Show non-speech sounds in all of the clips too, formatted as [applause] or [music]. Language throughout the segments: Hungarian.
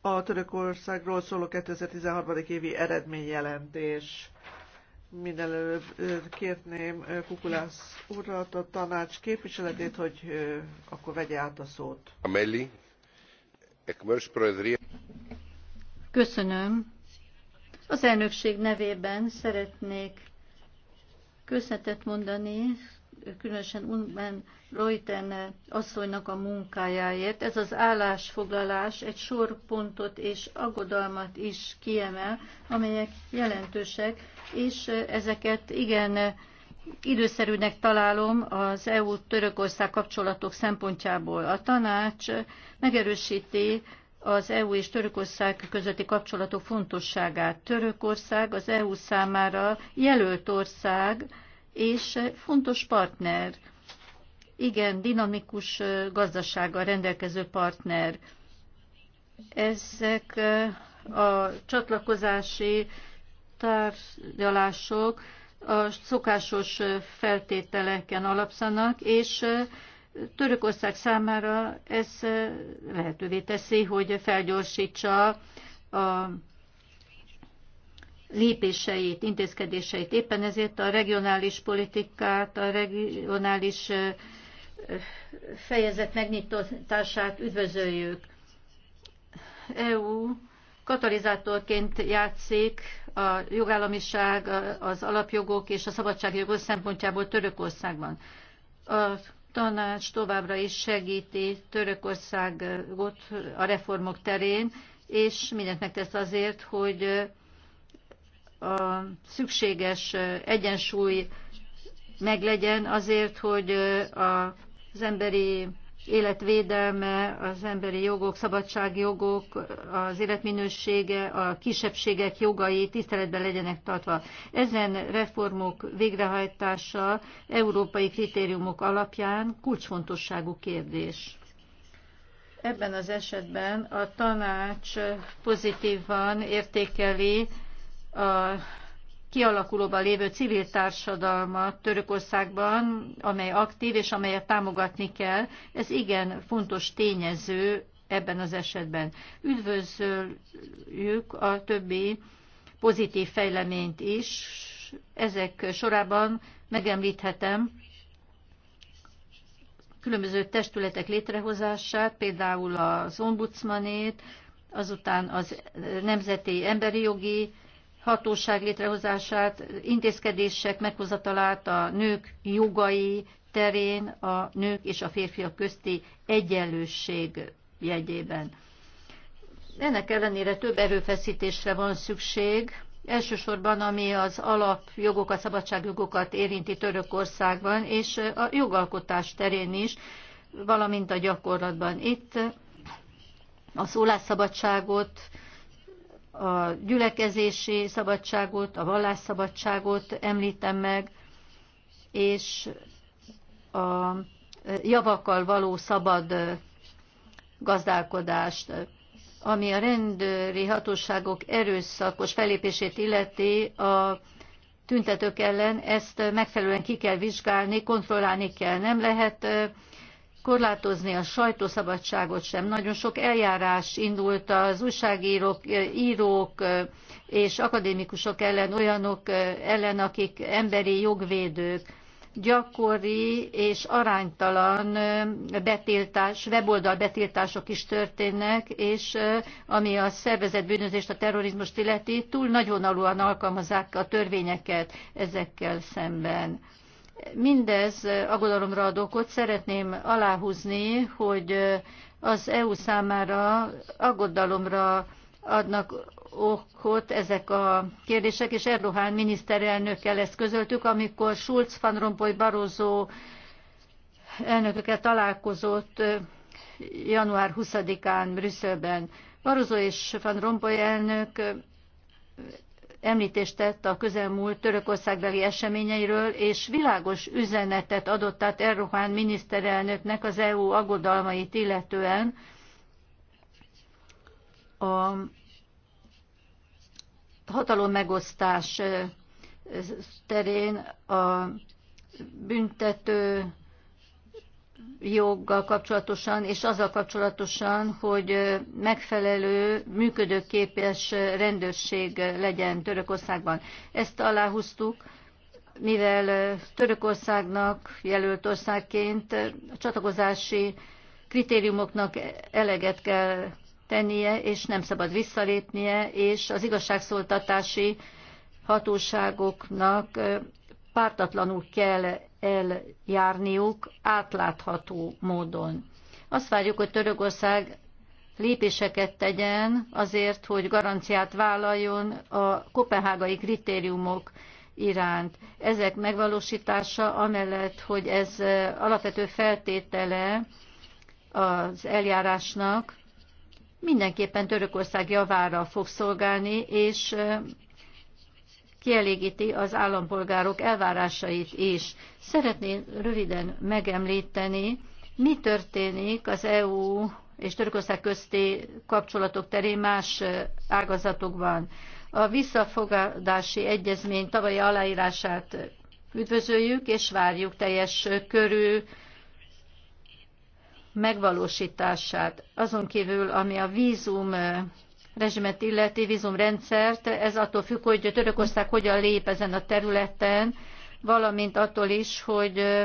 a Törökországról szóló 2013. évi eredményjelentés. Mindenelőbb kérném Kukulász urat, a tanács képviseletét, hogy akkor vegye át a szót. Ameli, Köszönöm. Az elnökség nevében szeretnék köszönetet mondani különösen Unben Reuten asszonynak a munkájáért. Ez az állásfoglalás egy sor pontot és aggodalmat is kiemel, amelyek jelentősek, és ezeket igen időszerűnek találom az EU-Törökország kapcsolatok szempontjából. A tanács megerősíti az EU és Törökország közötti kapcsolatok fontosságát. Törökország az EU számára jelölt ország, és fontos partner, igen, dinamikus gazdasággal rendelkező partner. Ezek a csatlakozási tárgyalások a szokásos feltételeken alapszanak, és Törökország számára ez lehetővé teszi, hogy felgyorsítsa a lépéseit, intézkedéseit. Éppen ezért a regionális politikát, a regionális fejezet megnyitását üdvözöljük. EU katalizátorként játszik a jogállamiság, az alapjogok és a szabadságjogok szempontjából Törökországban. A tanács továbbra is segíti Törökországot a reformok terén, és mindent megtesz azért, hogy a szükséges egyensúly meglegyen azért, hogy az emberi életvédelme, az emberi jogok, szabadságjogok, az életminősége, a kisebbségek jogai tiszteletben legyenek tartva. Ezen reformok végrehajtása európai kritériumok alapján kulcsfontosságú kérdés. Ebben az esetben a tanács pozitívan értékeli a kialakulóban lévő civil társadalmat Törökországban, amely aktív és amelyet támogatni kell. Ez igen fontos tényező ebben az esetben. Üdvözöljük a többi pozitív fejleményt is. Ezek sorában megemlíthetem különböző testületek létrehozását, például az ombudsmanét, azután az Nemzeti Emberi Jogi hatóság létrehozását, intézkedések meghozatalát a nők jogai terén, a nők és a férfiak közti egyenlőség jegyében. Ennek ellenére több erőfeszítésre van szükség, elsősorban ami az alapjogokat, szabadságjogokat érinti Törökországban, és a jogalkotás terén is, valamint a gyakorlatban. Itt a szólásszabadságot, a gyülekezési szabadságot, a vallásszabadságot említem meg, és a javakkal való szabad gazdálkodást. Ami a rendőri hatóságok erőszakos felépését illeti a tüntetők ellen, ezt megfelelően ki kell vizsgálni, kontrollálni kell. Nem lehet korlátozni a sajtószabadságot sem. Nagyon sok eljárás indult az újságírók, írók és akadémikusok ellen, olyanok ellen, akik emberi jogvédők. Gyakori és aránytalan betiltás, weboldal betiltások is történnek, és ami a szervezett bűnözést, a terrorizmust illeti, túl nagyvonalúan alkalmazzák a törvényeket ezekkel szemben. Mindez aggodalomra ad okot. Szeretném aláhúzni, hogy az EU számára aggodalomra adnak okot ezek a kérdések, és Erdogan miniszterelnökkel ezt közöltük, amikor Schulz, Van Rompuy, Barroso elnököket találkozott január 20-án Brüsszelben. Barroso és Van Rompuy elnök említést tett a közelmúlt törökországbeli eseményeiről, és világos üzenetet adott át Erdogan miniszterelnöknek az EU aggodalmait illetően a hatalom megosztás terén a büntető joggal kapcsolatosan és azzal kapcsolatosan, hogy megfelelő, működőképes rendőrség legyen Törökországban. Ezt aláhúztuk, mivel Törökországnak jelölt országként a csatlakozási kritériumoknak eleget kell tennie, és nem szabad visszalépnie, és az igazságszoltatási hatóságoknak pártatlanul kell eljárniuk átlátható módon. Azt várjuk, hogy Törökország lépéseket tegyen azért, hogy garanciát vállaljon a kopenhágai kritériumok iránt. Ezek megvalósítása amellett, hogy ez eh, alapvető feltétele az eljárásnak, mindenképpen Törökország javára fog szolgálni, és eh, kielégíti az állampolgárok elvárásait is. Szeretném röviden megemlíteni, mi történik az EU és Törökország közti kapcsolatok terén más ágazatokban. A visszafogadási egyezmény tavalyi aláírását üdvözöljük és várjuk teljes körű megvalósítását. Azon kívül, ami a vízum rezsimet illeti vízumrendszert, ez attól függ, hogy Törökország hogyan lép ezen a területen, valamint attól is, hogy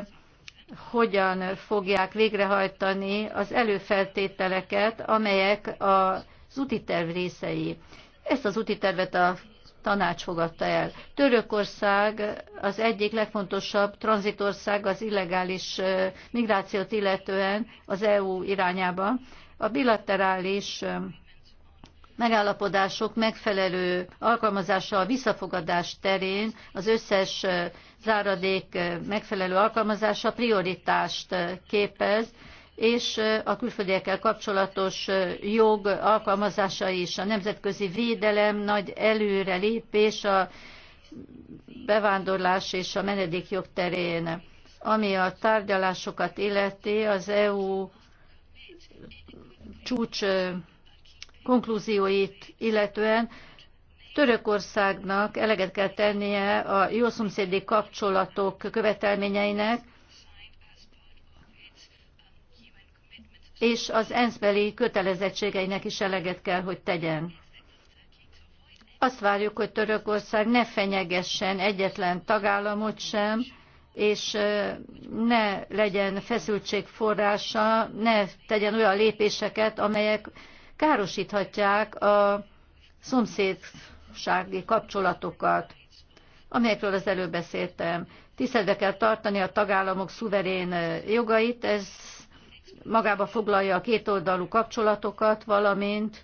hogyan fogják végrehajtani az előfeltételeket, amelyek az úti terv részei. Ezt az úti tervet a tanács fogadta el. Törökország az egyik legfontosabb tranzitország az illegális migrációt illetően az EU irányába. A bilaterális megállapodások megfelelő alkalmazása a visszafogadás terén az összes záradék megfelelő alkalmazása prioritást képez, és a külföldiekkel kapcsolatos jog alkalmazása is. A nemzetközi védelem nagy előrelépés a bevándorlás és a menedékjog terén. Ami a tárgyalásokat illeti, az EU csúcs konklúzióit illetően Törökországnak eleget kell tennie a jószomszédi kapcsolatok követelményeinek, és az ENSZ-beli kötelezettségeinek is eleget kell, hogy tegyen. Azt várjuk, hogy Törökország ne fenyegessen egyetlen tagállamot sem, és ne legyen feszültség forrása, ne tegyen olyan lépéseket, amelyek károsíthatják a szomszédsági kapcsolatokat, amelyekről az előbb beszéltem. Tiszedbe kell tartani a tagállamok szuverén jogait, ez magába foglalja a kétoldalú kapcsolatokat, valamint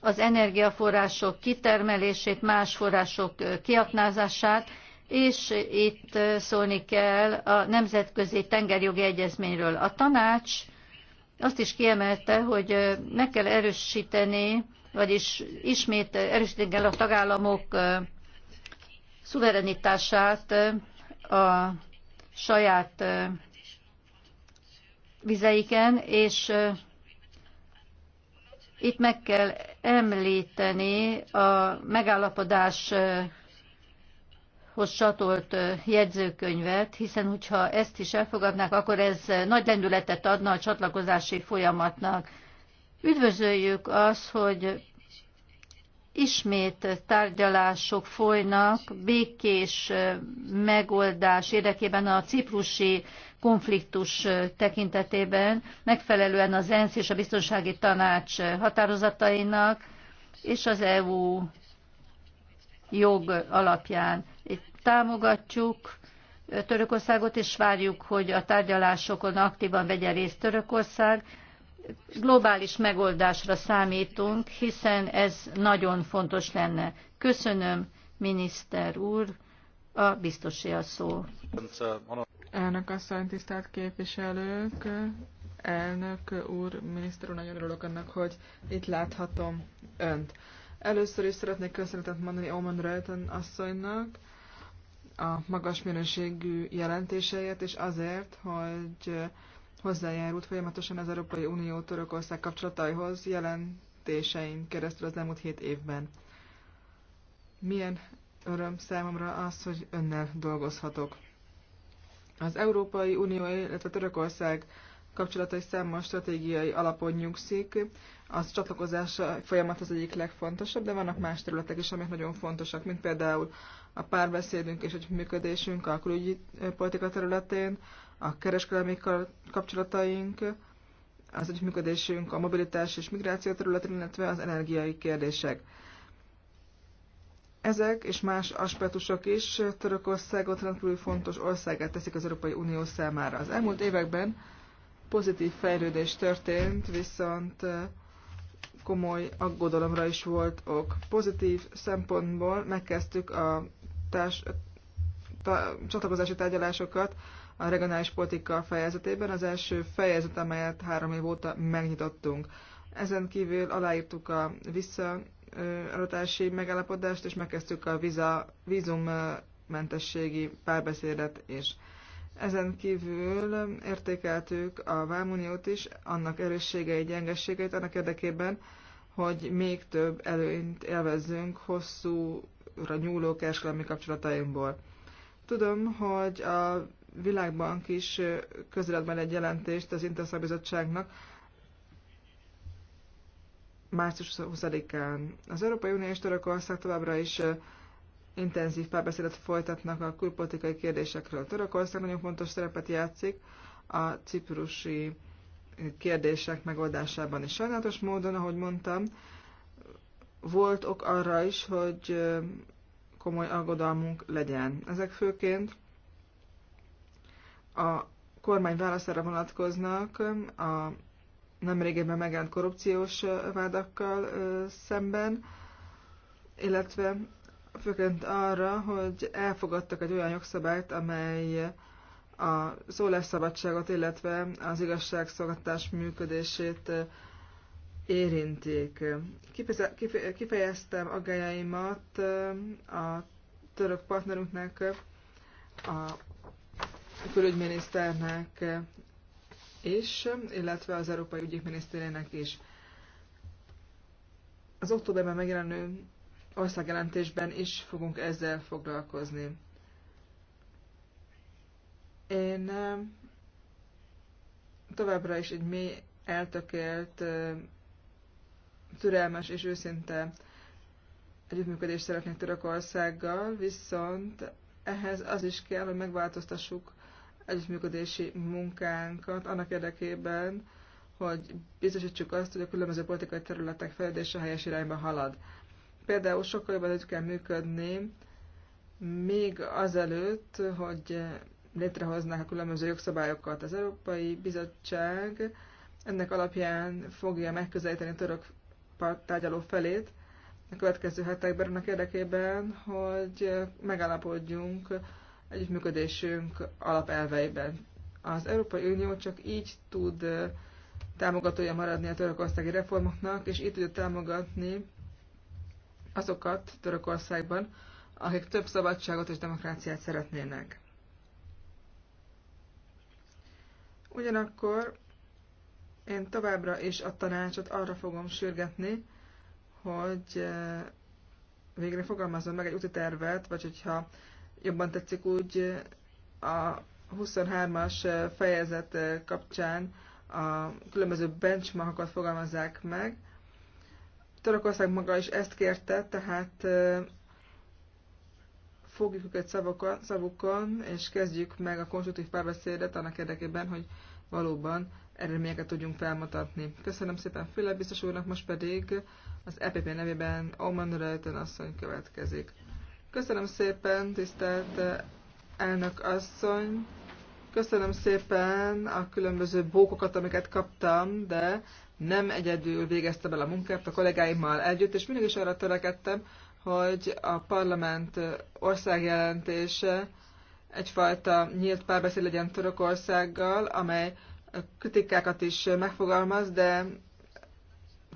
az energiaforrások kitermelését, más források kiaknázását, és itt szólni kell a Nemzetközi Tengerjogi Egyezményről. A tanács azt is kiemelte, hogy meg kell erősíteni, vagyis ismét erősíteni kell a tagállamok szuverenitását a saját vizeiken, és itt meg kell említeni a megállapodás hoz csatolt jegyzőkönyvet, hiszen hogyha ezt is elfogadnák, akkor ez nagy lendületet adna a csatlakozási folyamatnak. Üdvözöljük az, hogy ismét tárgyalások folynak békés megoldás érdekében a ciprusi konfliktus tekintetében, megfelelően az ENSZ és a Biztonsági Tanács határozatainak, és az EU jog alapján. Itt támogatjuk Törökországot, és várjuk, hogy a tárgyalásokon aktívan vegye részt Törökország. Globális megoldásra számítunk, hiszen ez nagyon fontos lenne. Köszönöm, miniszter úr, a biztosé a szó. Elnök asszony, tisztelt képviselők, elnök úr, miniszter úr, nagyon örülök annak, hogy itt láthatom önt. Először is szeretnék köszönetet mondani Oman Röjten asszonynak a magas minőségű jelentéseért, és azért, hogy hozzájárult folyamatosan az Európai Unió Törökország kapcsolataihoz jelentésein keresztül az elmúlt hét évben. Milyen öröm számomra az, hogy önnel dolgozhatok. Az Európai Unió, illetve Törökország kapcsolatai számos stratégiai alapon nyugszik. Az csatlakozás folyamat az egyik legfontosabb, de vannak más területek is, amik nagyon fontosak, mint például a párbeszédünk és egy működésünk a külügyi politika területén, a kereskedelmi kapcsolataink, az együttműködésünk a mobilitás és migráció területén, illetve az energiai kérdések. Ezek és más aspektusok is Törökországot rendkívül fontos országát teszik az Európai Unió számára. Az elmúlt években Pozitív fejlődés történt, viszont komoly aggodalomra is volt ok. Pozitív szempontból megkezdtük a társ, ta, csatlakozási tárgyalásokat a regionális politika fejezetében, az első fejezet, amelyet három év óta megnyitottunk. Ezen kívül aláírtuk a visszaadatási megállapodást, és megkezdtük a víza, vízummentességi párbeszédet is. És ezen kívül értékeltük a Vámuniót is, annak erősségei, gyengességeit, annak érdekében, hogy még több előnyt élvezzünk hosszúra nyúló kereskedelmi kapcsolatainkból. Tudom, hogy a Világbank is közületben egy jelentést az Interszabizottságnak március 20-án. Az Európai Unió és Törökország továbbra is intenzív párbeszédet folytatnak a külpolitikai kérdésekről. Törökország nagyon fontos szerepet játszik a ciprusi kérdések megoldásában is. Sajnálatos módon, ahogy mondtam, volt ok arra is, hogy komoly aggodalmunk legyen. Ezek főként a kormány válaszára vonatkoznak a nemrégében megjelent korrupciós vádakkal szemben, illetve főként arra, hogy elfogadtak egy olyan jogszabályt, amely a szólásszabadságot, illetve az igazságszolgáltatás működését eh, érintik. Kifejeztem aggájaimat eh, a török partnerünknek, a külügyminiszternek is, illetve az Európai Ügyi Minisztériának is. Az októberben megjelenő országjelentésben is fogunk ezzel foglalkozni. Én eh, továbbra is egy mély, eltökélt, eh, türelmes és őszinte együttműködést szeretnék Törökországgal, viszont ehhez az is kell, hogy megváltoztassuk együttműködési munkánkat annak érdekében, hogy biztosítsuk azt, hogy a különböző politikai területek fejlődése helyes irányba halad például sokkal jobban együtt kell működni, még azelőtt, hogy létrehoznák a különböző jogszabályokat. Az Európai Bizottság ennek alapján fogja megközelíteni a török tárgyaló felét a következő hetekben annak érdekében, hogy megállapodjunk együttműködésünk alapelveiben. Az Európai Unió csak így tud támogatója maradni a törökországi reformoknak, és így tudja támogatni azokat Törökországban, akik több szabadságot és demokráciát szeretnének. Ugyanakkor én továbbra is a tanácsot arra fogom sürgetni, hogy eh, végre fogalmazom meg egy úti tervet, vagy hogyha jobban tetszik úgy eh, a 23-as eh, fejezet kapcsán a különböző benchmarkokat fogalmazzák meg, Törökország maga is ezt kérte, tehát fogjuk őket szavukon, szavukon, és kezdjük meg a konstruktív párbeszédet annak érdekében, hogy valóban eredményeket tudjunk felmutatni. Köszönöm szépen Füle biztos úrnak, most pedig az EPP nevében Oman Röjtön asszony következik. Köszönöm szépen, tisztelt elnök asszony! Köszönöm szépen a különböző bókokat, amiket kaptam, de nem egyedül végeztem el a munkát a kollégáimmal együtt, és mindig is arra törekedtem, hogy a parlament országjelentése egyfajta nyílt párbeszéd legyen Törökországgal, amely kritikákat is megfogalmaz, de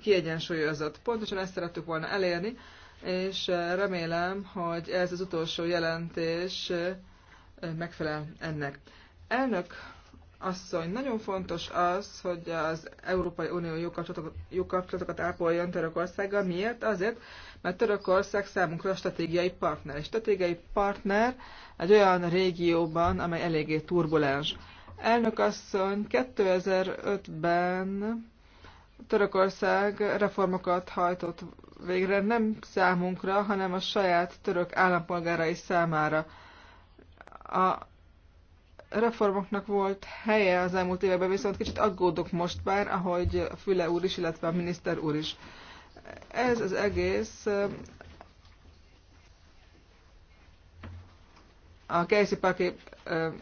kiegyensúlyozott. Pontosan ezt szerettük volna elérni, és remélem, hogy ez az utolsó jelentés megfelel ennek. Elnök asszony, nagyon fontos az, hogy az Európai Unió jó kapcsolatokat, jó kapcsolatokat ápoljon Törökországgal. Miért? Azért, mert Törökország számunkra a stratégiai partner. És stratégiai partner egy olyan régióban, amely eléggé turbulens. Elnök asszony 2005-ben Törökország reformokat hajtott végre nem számunkra, hanem a saját török állampolgárai számára. A reformoknak volt helye az elmúlt években, viszont kicsit aggódok most már, ahogy Füle úr is, illetve a miniszter úr is. Ez az egész eh, a Casey Parki eh,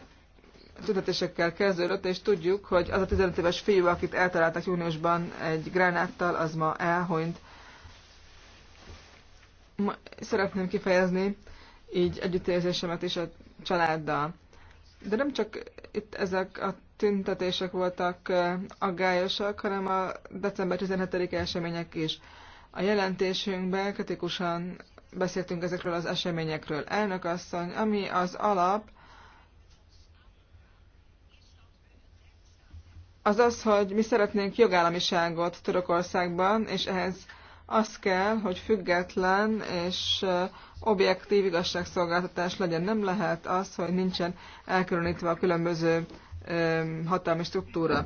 tüntetésekkel kezdődött, és tudjuk, hogy az a 15 éves fiú, akit eltaláltak júniusban egy gránáttal, az ma elhonyt. szeretném kifejezni így együttérzésemet is a családdal. De nem csak itt ezek a tüntetések voltak aggályosak, hanem a december 17-i események is. A jelentésünkben kritikusan beszéltünk ezekről az eseményekről. Elnök asszony, ami az alap, az az, hogy mi szeretnénk jogállamiságot Törökországban, és ehhez az kell, hogy független és objektív igazságszolgáltatás legyen. Nem lehet az, hogy nincsen elkülönítve a különböző hatalmi struktúra.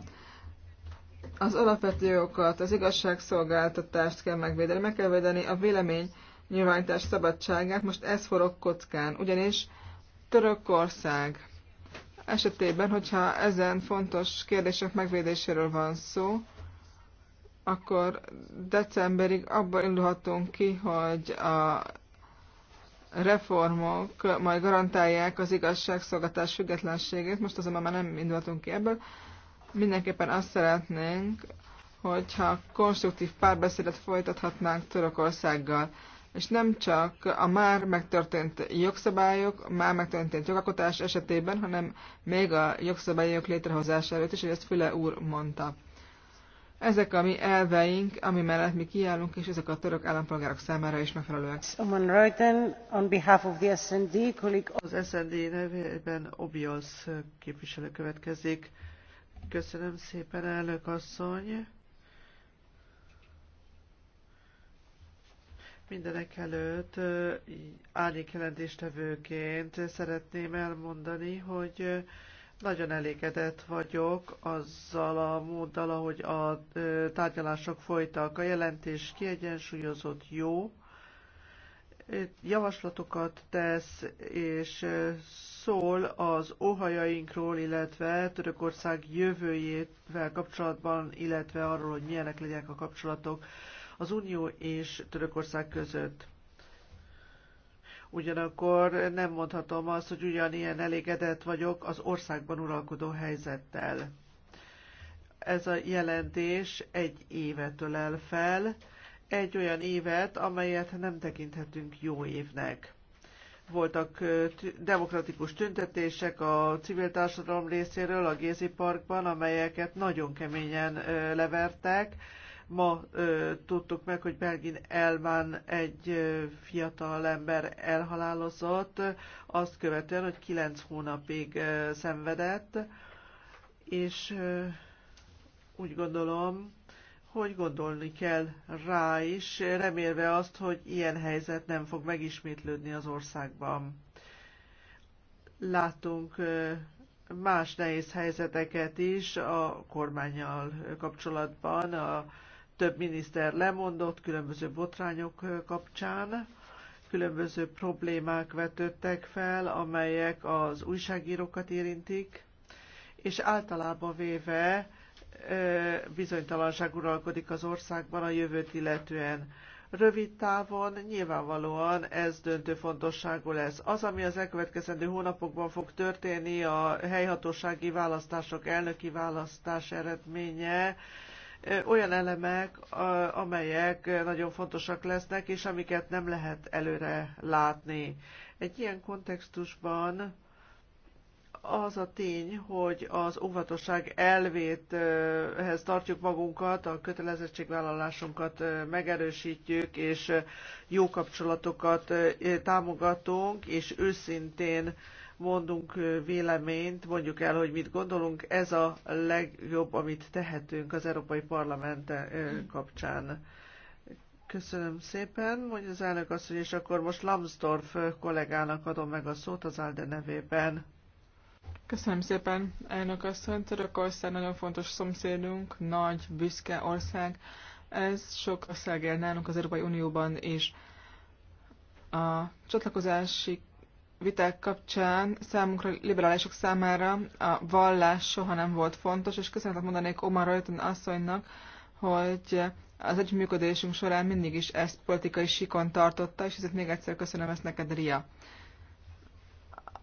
Az alapvető jogokat, az igazságszolgáltatást kell megvédeni. Meg kell védeni a vélemény nyilvánítás szabadságát. Most ez forog kockán, ugyanis Törökország esetében, hogyha ezen fontos kérdések megvédéséről van szó, akkor decemberig abban indulhatunk ki, hogy a reformok majd garantálják az igazságszolgatás függetlenségét, most azonban már nem indulhatunk ki ebből. Mindenképpen azt szeretnénk, hogyha konstruktív párbeszédet folytathatnánk Törökországgal, és nem csak a már megtörtént jogszabályok, már megtörtént jogalkotás esetében, hanem még a jogszabályok létrehozása előtt is, hogy ezt Füle úr mondta. Ezek a mi elveink, ami mellett mi kiállunk, és ezek a török állampolgárok számára is megfelelőek. Someone on behalf of the SND, colleague... Az SND nevében Obiols képviselő következik. Köszönöm szépen, elnök asszony. Mindenek előtt árnyék jelentéstevőként szeretném elmondani, hogy nagyon elégedett vagyok azzal a móddal, ahogy a tárgyalások folytak. A jelentés kiegyensúlyozott, jó, javaslatokat tesz, és szól az óhajainkról, illetve Törökország jövőjével kapcsolatban, illetve arról, hogy milyenek legyenek a kapcsolatok az Unió és Törökország között. Ugyanakkor nem mondhatom azt, hogy ugyanilyen elégedett vagyok az országban uralkodó helyzettel. Ez a jelentés egy évet ölel fel, egy olyan évet, amelyet nem tekinthetünk jó évnek voltak demokratikus tüntetések a civil társadalom részéről a Gézi Parkban, amelyeket nagyon keményen levertek, Ma ö, tudtuk meg, hogy Belgin Elván egy ö, fiatal ember elhalálozott, azt követően, hogy kilenc hónapig ö, szenvedett, és ö, úgy gondolom, hogy gondolni kell rá is, remélve azt, hogy ilyen helyzet nem fog megismétlődni az országban. Látunk más nehéz helyzeteket is a kormányjal kapcsolatban, a több miniszter lemondott különböző botrányok kapcsán, különböző problémák vetődtek fel, amelyek az újságírókat érintik, és általában véve bizonytalanság uralkodik az országban a jövőt illetően. Rövid távon nyilvánvalóan ez döntő fontosságú lesz. Az, ami az elkövetkezendő hónapokban fog történni, a helyhatósági választások, elnöki választás eredménye, olyan elemek, amelyek nagyon fontosak lesznek, és amiket nem lehet előre látni. Egy ilyen kontextusban az a tény, hogy az óvatosság elvéthez tartjuk magunkat, a kötelezettségvállalásunkat megerősítjük, és jó kapcsolatokat támogatunk, és őszintén mondunk véleményt, mondjuk el, hogy mit gondolunk, ez a legjobb, amit tehetünk az Európai Parlament kapcsán. Köszönöm szépen, hogy az elnök asszony, és akkor most Lambsdorff kollégának adom meg a szót az ALDE nevében. Köszönöm szépen, elnök asszony. Törökország nagyon fontos szomszédunk, nagy, büszke ország. Ez sok ország él nálunk az Európai Unióban, és a csatlakozási viták kapcsán számunkra, liberálisok számára a vallás soha nem volt fontos, és köszönetet mondanék Omar Rajton asszonynak, hogy az együttműködésünk során mindig is ezt politikai sikon tartotta, és ezért még egyszer köszönöm ezt neked, Ria.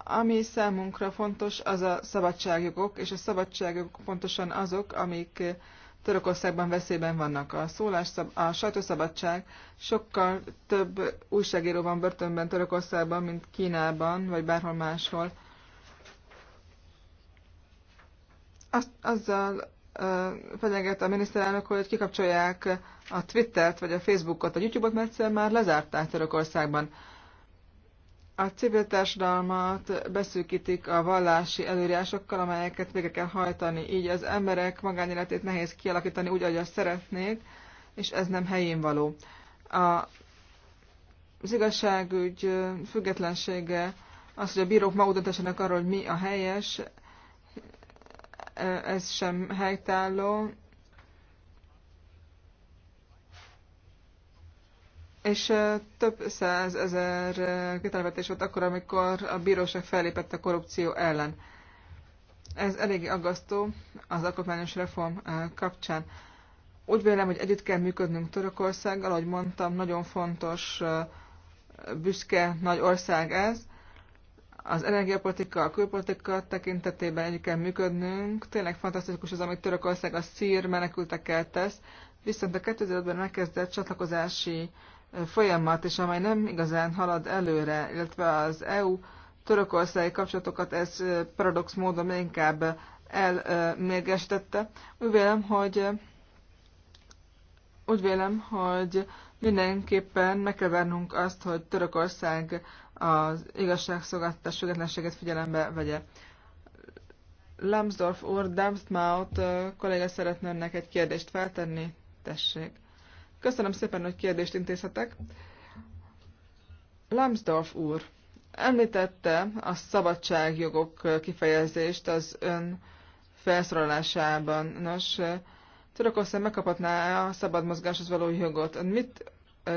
Ami számunkra fontos, az a szabadságjogok, és a szabadságjogok pontosan azok, amik Törökországban veszélyben vannak. A, szólás, a sajtószabadság sokkal több újságíró van börtönben Törökországban, mint Kínában, vagy bárhol máshol. Azt, azzal uh, fenyeget a miniszterelnök, hogy kikapcsolják a Twittert, vagy a Facebookot, a YouTube-ot, mert már lezárták Törökországban a civil társadalmat beszűkítik a vallási előírásokkal, amelyeket végre kell hajtani. Így az emberek magánéletét nehéz kialakítani úgy, ahogy azt szeretnék, és ez nem helyén való. A, az igazságügy függetlensége, az, hogy a bírók maguk döntesenek arról, hogy mi a helyes, ez sem helytálló, és több százezer kitelepítés volt akkor, amikor a bíróság fellépett a korrupció ellen. Ez eléggé aggasztó az alkotmányos reform kapcsán. Úgy vélem, hogy együtt kell működnünk Törökországgal, ahogy mondtam, nagyon fontos, büszke, nagy ország ez. Az energiapolitika, a külpolitika tekintetében együtt kell működnünk. Tényleg fantasztikus az, amit Törökország a szír menekültekkel tesz, viszont a 2005-ben megkezdett csatlakozási folyamat, és amely nem igazán halad előre, illetve az EU törökországi kapcsolatokat ez paradox módon még inkább elmérgestette. Úgy vélem, hogy úgy vélem, hogy mindenképpen meg kell várnunk azt, hogy Törökország az igazságszolgáltatás függetlenséget figyelembe vegye. Lambsdorff úr, Damstmaut kolléga szeretne önnek egy kérdést feltenni. Tessék. Köszönöm szépen, hogy kérdést intézhetek. Lambsdorff úr említette a szabadságjogok kifejezést az ön felszólalásában. Nos, Törökország megkaphatná a szabad mozgáshoz való jogot. Mit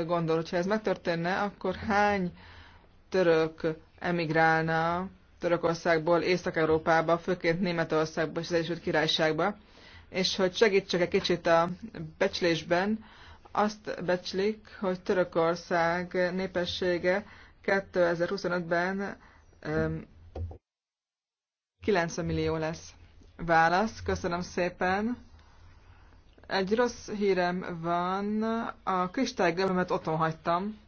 gondol, hogyha ez megtörténne, akkor hány török emigrálna Törökországból Észak-Európába, főként Németországba és az Egyesült Királyságba, és hogy segítsek egy kicsit a becslésben, azt becslik, hogy Törökország népessége 2025-ben 90 millió lesz. Válasz, köszönöm szépen. Egy rossz hírem van, a kristálygömbömet otthon hagytam.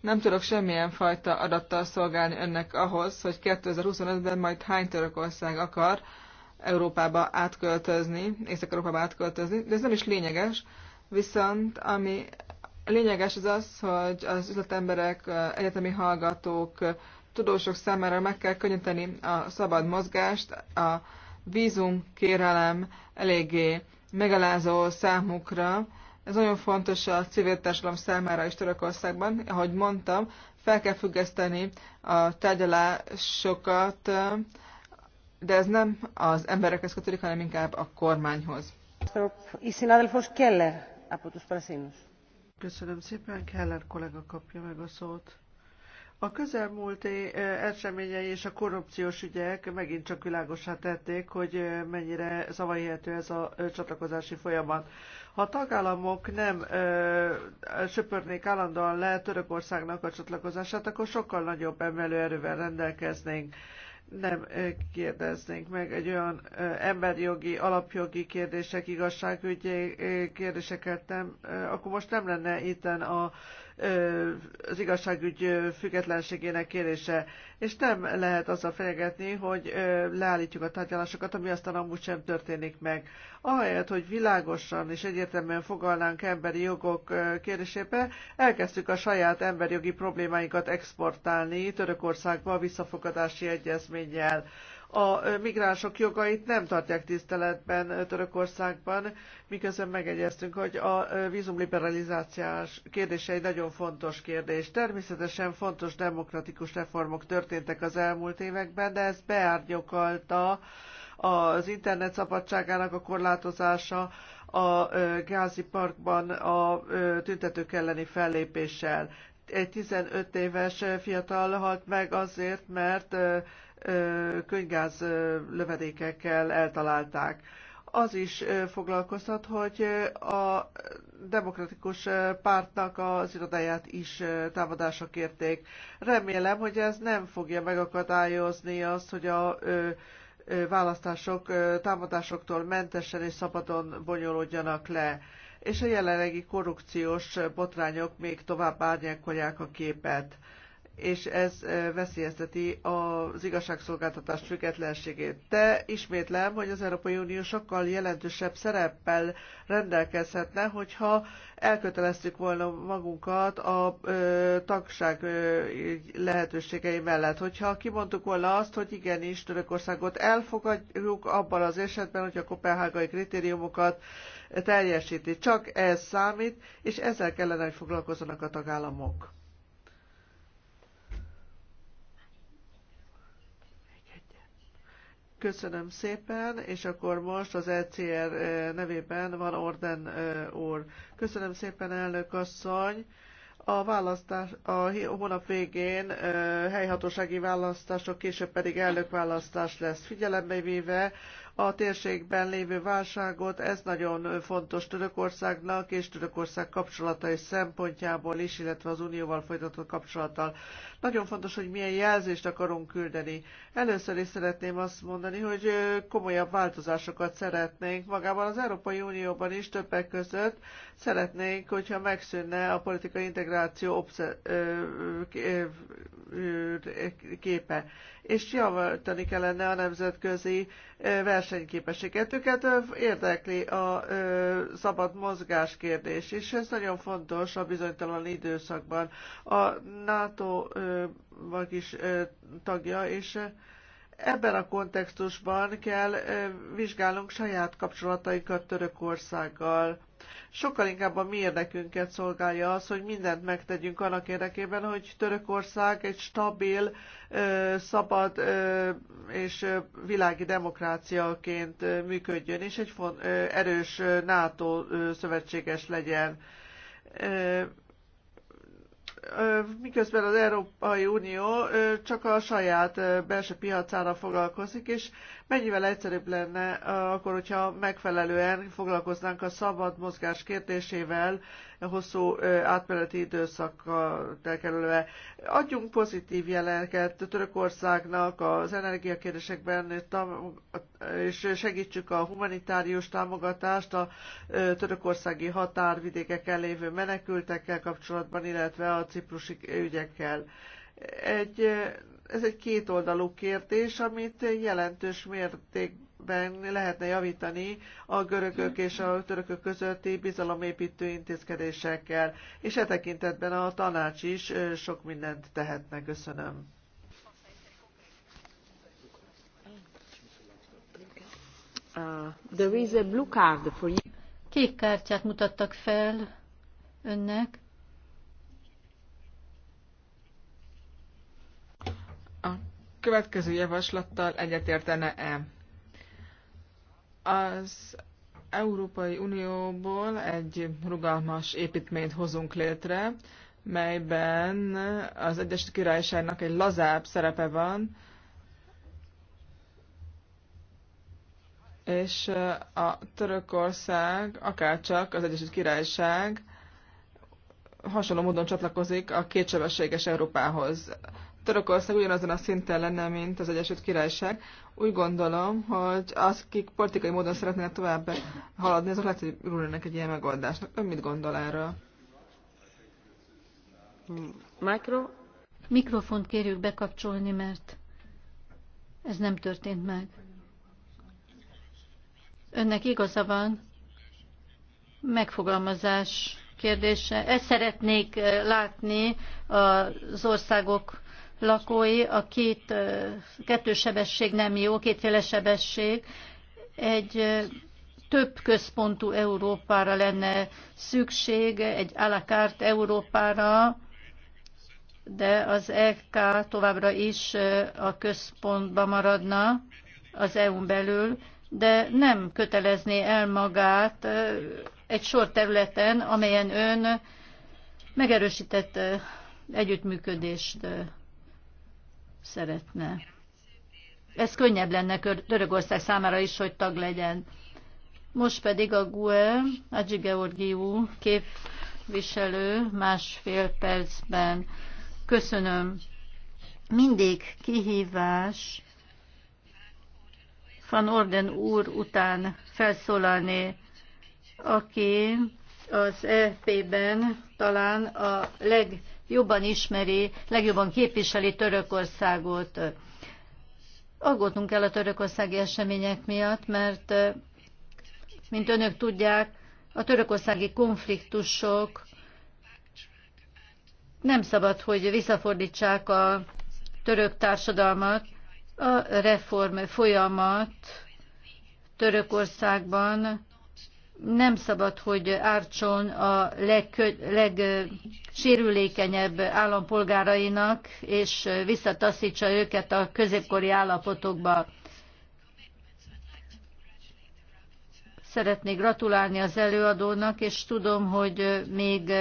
Nem tudok semmilyen fajta adattal szolgálni önnek ahhoz, hogy 2025-ben majd hány Törökország akar Európába átköltözni, Észak-Európába átköltözni, de ez nem is lényeges, Viszont ami lényeges az az, hogy az üzletemberek, egyetemi hallgatók, tudósok számára meg kell könnyíteni a szabad mozgást, a vízum kérelem eléggé megalázó számukra. Ez nagyon fontos a civil társadalom számára is Törökországban. Ahogy mondtam, fel kell függeszteni a tárgyalásokat, de ez nem az emberekhez kötődik, hanem inkább a kormányhoz. Stop. Y Keller Köszönöm szépen, Keller kollega kapja meg a szót. A közelmúlt eseményei és a korrupciós ügyek megint csak világosá tették, hogy mennyire szavahihető ez a csatlakozási folyamat. Ha a tagállamok nem ö, söpörnék állandóan le Törökországnak a csatlakozását, akkor sokkal nagyobb emelőerővel rendelkeznénk nem kérdeznénk meg egy olyan emberjogi, alapjogi kérdések, igazságügyi kérdéseket, nem, akkor most nem lenne itten a az igazságügy függetlenségének kérése, és nem lehet azzal fenyegetni, hogy leállítjuk a tárgyalásokat, ami aztán amúgy sem történik meg. Ahelyett, hogy világosan és egyértelműen fogalnánk emberi jogok kérdésébe, elkezdtük a saját emberi jogi problémáinkat exportálni Törökországba a visszafogadási egyezménnyel a migránsok jogait nem tartják tiszteletben Törökországban, miközben megegyeztünk, hogy a vízumliberalizációs kérdése egy nagyon fontos kérdés. Természetesen fontos demokratikus reformok történtek az elmúlt években, de ez beárnyokalta az internet szabadságának a korlátozása, a Gázi Parkban a tüntetők elleni fellépéssel. Egy 15 éves fiatal halt meg azért, mert könygáz lövedékekkel eltalálták. Az is foglalkoztat, hogy a demokratikus pártnak az irodáját is támadások érték. Remélem, hogy ez nem fogja megakadályozni azt, hogy a választások támadásoktól mentesen és szabadon bonyolódjanak le, és a jelenlegi korrupciós botrányok még tovább árnyékolják a képet és ez veszélyezteti az igazságszolgáltatás függetlenségét. De ismétlem, hogy az Európai Unió sokkal jelentősebb szereppel rendelkezhetne, hogyha elköteleztük volna magunkat a ö, tagság ö, lehetőségei mellett. Hogyha kimondtuk volna azt, hogy igenis Törökországot elfogadjuk abban az esetben, hogy a kopenhágai kritériumokat teljesíti. Csak ez számít, és ezzel kellene, hogy foglalkozzanak a tagállamok. Köszönöm szépen, és akkor most az ECR nevében van Orden úr. Köszönöm szépen, elnök asszony. A választás a hónap végén helyhatósági választások, később pedig elnökválasztás lesz figyelembe véve a térségben lévő válságot. Ez nagyon fontos Törökországnak és Törökország kapcsolatai szempontjából is, illetve az Unióval folytatott kapcsolattal. Nagyon fontos, hogy milyen jelzést akarunk küldeni. Először is szeretném azt mondani, hogy komolyabb változásokat szeretnénk magában az Európai Unióban is többek között. Szeretnénk, hogyha megszűnne a politikai integráció obsze- képe, és javítani kellene a nemzetközi versenyt versenyképességet. Őket érdekli a szabad mozgás kérdés, és ez nagyon fontos a bizonytalan időszakban. A NATO vagyis is tagja, és Ebben a kontextusban kell vizsgálnunk saját kapcsolatainkat Törökországgal. Sokkal inkább a mi érdekünket szolgálja az, hogy mindent megtegyünk annak érdekében, hogy Törökország egy stabil, szabad és világi demokráciaként működjön, és egy erős NATO szövetséges legyen miközben az Európai Unió csak a saját belső piacára foglalkozik, és mennyivel egyszerűbb lenne akkor, hogyha megfelelően foglalkoznánk a szabad mozgás kérdésével E hosszú e, átmeneti időszakkal kerülve. Adjunk pozitív jeleket Törökországnak az energiakérdésekben, és segítsük a humanitárius támogatást a e, törökországi határvidékeken lévő menekültekkel kapcsolatban, illetve a ciprusi ügyekkel. Egy, ez egy kétoldalú kérdés, amit jelentős mértékben ben lehetne javítani a görögök és a törökök közötti bizalomépítő intézkedésekkel, és e tekintetben a tanács is sok mindent tehetne. Köszönöm. Uh, Kék kártyát mutattak fel önnek. A következő javaslattal egyetértene-e? Az Európai Unióból egy rugalmas építményt hozunk létre, melyben az Egyesült Királyságnak egy lazább szerepe van, és a Törökország, akárcsak az Egyesült Királyság hasonló módon csatlakozik a kétsebességes Európához. Törökország ugyanazon a szinten lenne, mint az Egyesült Királyság. Úgy gondolom, hogy az, akik politikai módon szeretnének tovább haladni, azok lehet, hogy örülnek egy ilyen megoldásnak. Ön mit gondol erről? Mikro? Mikrofont kérjük bekapcsolni, mert ez nem történt meg. Önnek igaza van, megfogalmazás kérdése. Ezt szeretnék eh, látni az országok lakói, a két, kettős sebesség nem jó, kétféle sebesség. Egy több központú Európára lenne szükség, egy carte Európára, de az EK továbbra is a központban maradna az EU-n belül, de nem kötelezné el magát egy sor területen, amelyen ön megerősített együttműködést szeretne. Ez könnyebb lenne Törökország számára is, hogy tag legyen. Most pedig a GUE, Adzsi Georgiú képviselő másfél percben. Köszönöm. Mindig kihívás Van Orden úr után felszólalni, aki az EP-ben talán a leg jobban ismeri, legjobban képviseli Törökországot. Aggódnunk kell a törökországi események miatt, mert, mint önök tudják, a törökországi konfliktusok nem szabad, hogy visszafordítsák a török társadalmat, a reform folyamat Törökországban nem szabad, hogy ártson a legsérülékenyebb állampolgárainak, és visszataszítsa őket a középkori állapotokba. Szeretnék gratulálni az előadónak, és tudom, hogy még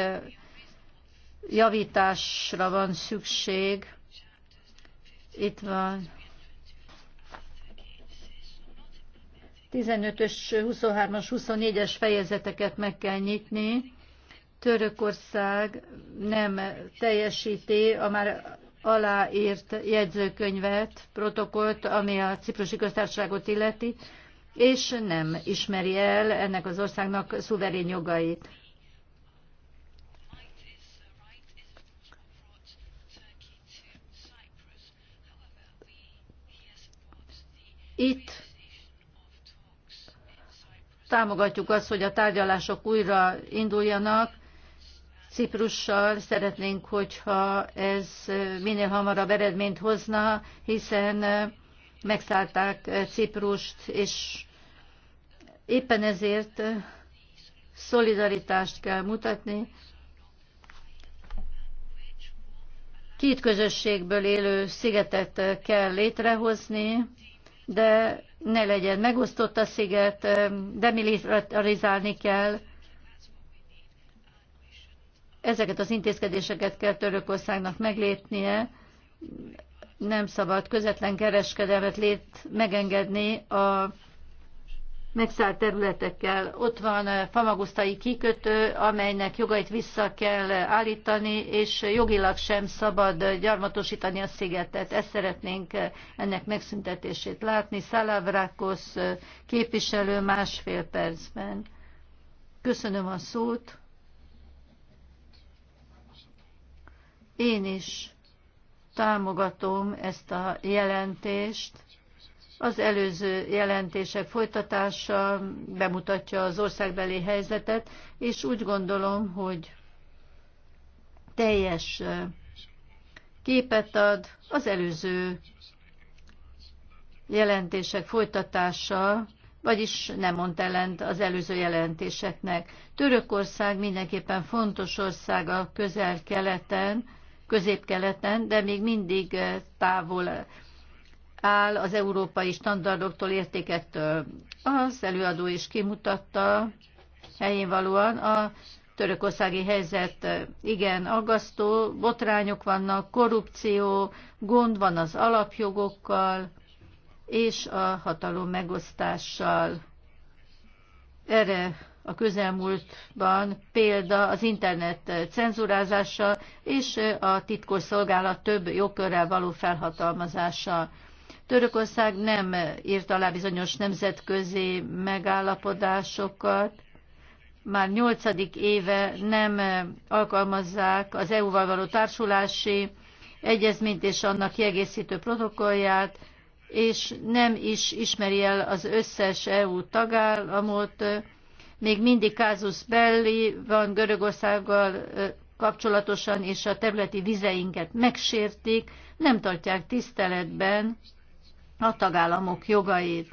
javításra van szükség. Itt van 15-ös, 23-as, 24-es fejezeteket meg kell nyitni. Törökország nem teljesíti a már aláírt jegyzőkönyvet, protokollt, ami a ciprusi köztársaságot illeti, és nem ismeri el ennek az országnak szuverén jogait. Itt támogatjuk azt, hogy a tárgyalások újra induljanak. Ciprussal szeretnénk, hogyha ez minél hamarabb eredményt hozna, hiszen megszállták Ciprust, és éppen ezért szolidaritást kell mutatni. Két közösségből élő szigetet kell létrehozni, de ne legyen megosztott a sziget, demilitarizálni kell. Ezeket az intézkedéseket kell Törökországnak meglépnie, nem szabad közvetlen kereskedelmet lét, megengedni a megszállt területekkel. Ott van eh, Famagusztai kikötő, amelynek jogait vissza kell állítani, és jogilag sem szabad gyarmatosítani a szigetet. Ezt szeretnénk eh, ennek megszüntetését látni. szalavrákos eh, képviselő másfél percben. Köszönöm a szót. Én is támogatom ezt a jelentést az előző jelentések folytatása bemutatja az országbeli helyzetet, és úgy gondolom, hogy teljes képet ad az előző jelentések folytatása, vagyis nem mond ellent az előző jelentéseknek. Törökország mindenképpen fontos ország a közel-keleten, közép-keleten, de még mindig távol áll az európai standardoktól, értékektől. Az előadó is kimutatta helyén valóan a törökországi helyzet igen aggasztó, botrányok vannak, korrupció, gond van az alapjogokkal és a hatalom megosztással. Erre a közelmúltban példa az internet cenzurázása és a titkos szolgálat több jogkörrel való felhatalmazása. Törökország nem írt alá bizonyos nemzetközi megállapodásokat, már nyolcadik éve nem alkalmazzák az EU-val való társulási egyezményt és annak kiegészítő protokollját, és nem is ismeri el az összes EU tagállamot. Még mindig Kázus Belli van Görögországgal kapcsolatosan, és a területi vizeinket megsértik, nem tartják tiszteletben a tagállamok jogait.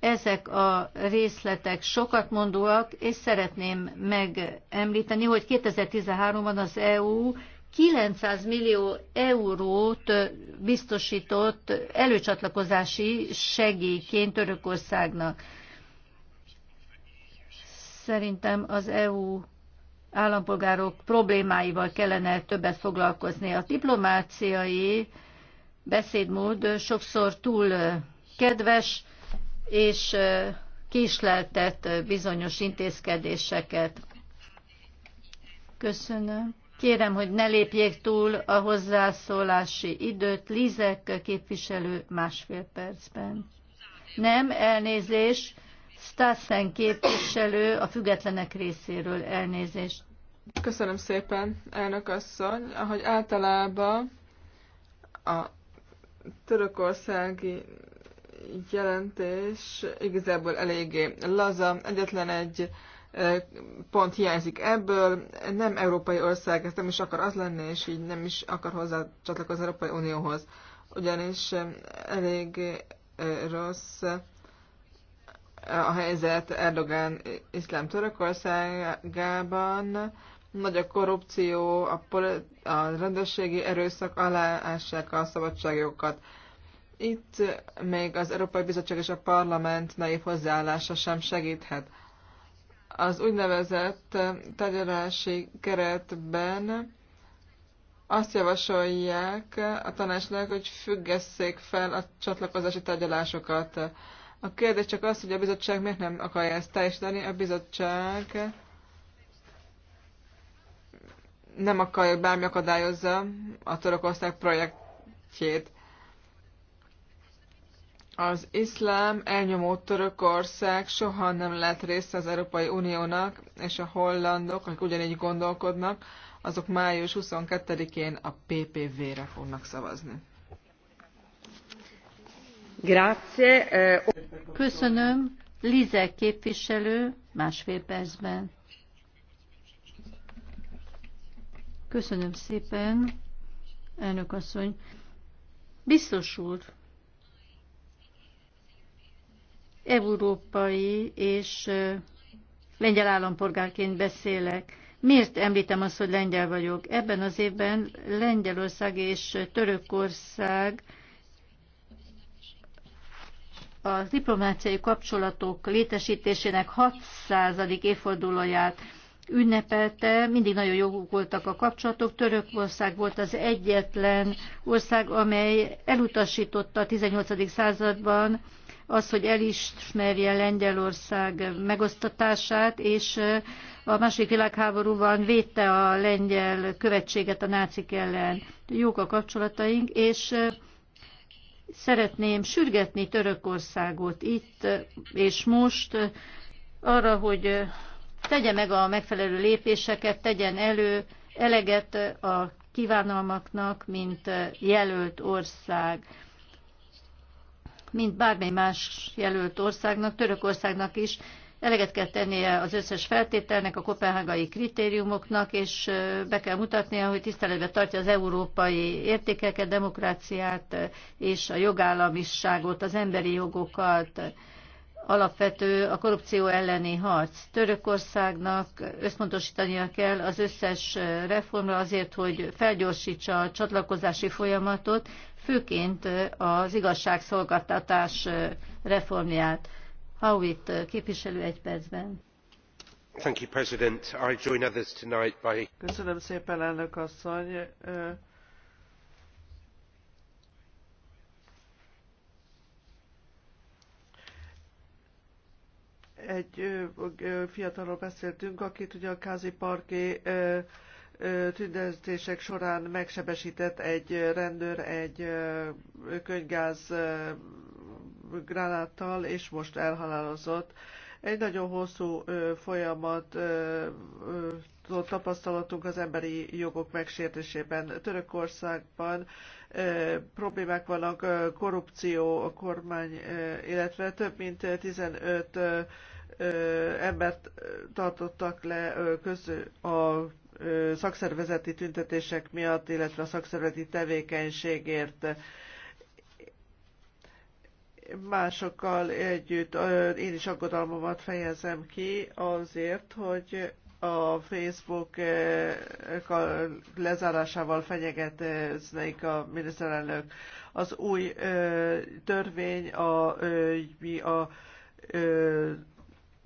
Ezek a részletek sokat mondóak, és szeretném megemlíteni, hogy 2013-ban az EU 900 millió eurót biztosított előcsatlakozási segélyként Törökországnak. Szerintem az EU állampolgárok problémáival kellene többet foglalkozni. A diplomáciai beszédmód sokszor túl kedves, és késleltet bizonyos intézkedéseket. Köszönöm. Kérem, hogy ne lépjék túl a hozzászólási időt. Lizek képviselő másfél percben. Nem, elnézés. Stassen képviselő a függetlenek részéről elnézés. Köszönöm szépen, elnök asszony. Ahogy általában a törökországi jelentés igazából eléggé laza, egyetlen egy pont hiányzik ebből, nem európai ország, ez nem is akar az lenni, és így nem is akar hozzá csatlakozni az Európai Unióhoz. Ugyanis elég rossz a helyzet Erdogan iszlám Törökországában, nagy a korrupció, a, a rendőrségi erőszak aláássák a szabadságjogokat. Itt még az Európai Bizottság és a Parlament naív hozzáállása sem segíthet. Az úgynevezett tárgyalási keretben azt javasolják a tanácsnak, hogy függesszék fel a csatlakozási tárgyalásokat. A kérdés csak az, hogy a bizottság miért nem akarja ezt teljesíteni. A bizottság nem akarja, hogy bármi akadályozza a Törökország projektjét. Az iszlám elnyomó Törökország soha nem lett része az Európai Uniónak, és a hollandok, akik ugyanígy gondolkodnak, azok május 22-én a PPV-re fognak szavazni. Eh, Köszönöm. Lize képviselő, másfél percben. Köszönöm szépen, elnök asszony. Biztos úr, európai és lengyel állampolgárként beszélek. Miért említem azt, hogy lengyel vagyok? Ebben az évben Lengyelország és Törökország a diplomáciai kapcsolatok létesítésének 600 évfordulóját ünnepelte, mindig nagyon jók voltak a kapcsolatok. Törökország volt az egyetlen ország, amely elutasította a 18. században az, hogy elismerje Lengyelország megosztatását, és eh, a második világháborúban védte a lengyel követséget a nácik ellen. Jók a kapcsolataink, és eh, szeretném sürgetni Törökországot itt eh, és most arra, hogy tegye meg a megfelelő lépéseket, tegyen elő eleget a kívánalmaknak, mint jelölt ország. Mint bármely más jelölt országnak, Törökországnak is eleget kell tennie az összes feltételnek, a kopenhágai kritériumoknak, és be kell mutatnia, hogy tiszteletbe tartja az európai értékeket, demokráciát és a jogállamiságot, az emberi jogokat alapvető a korrupció elleni harc. Törökországnak összpontosítania kell az összes reformra azért, hogy felgyorsítsa a csatlakozási folyamatot, főként az igazságszolgáltatás reformját. Howitt képviselő egy percben. Thank you, President. I join others tonight by... Köszönöm szépen, elnök asszony. egy fiatalról beszéltünk, akit ugye a Kázi Parki tüntetések során megsebesített egy rendőr egy könygáz gránáttal, és most elhalálozott. Egy nagyon hosszú folyamat tapasztalatunk az emberi jogok megsértésében. Törökországban problémák vannak, korrupció, a kormány, illetve több mint 15 embert tartottak le közül a szakszervezeti tüntetések miatt, illetve a szakszervezeti tevékenységért másokkal együtt én is aggodalmamat fejezem ki azért, hogy a Facebook lezárásával fenyegetnék a miniszterelnök. Az új törvény a, a, a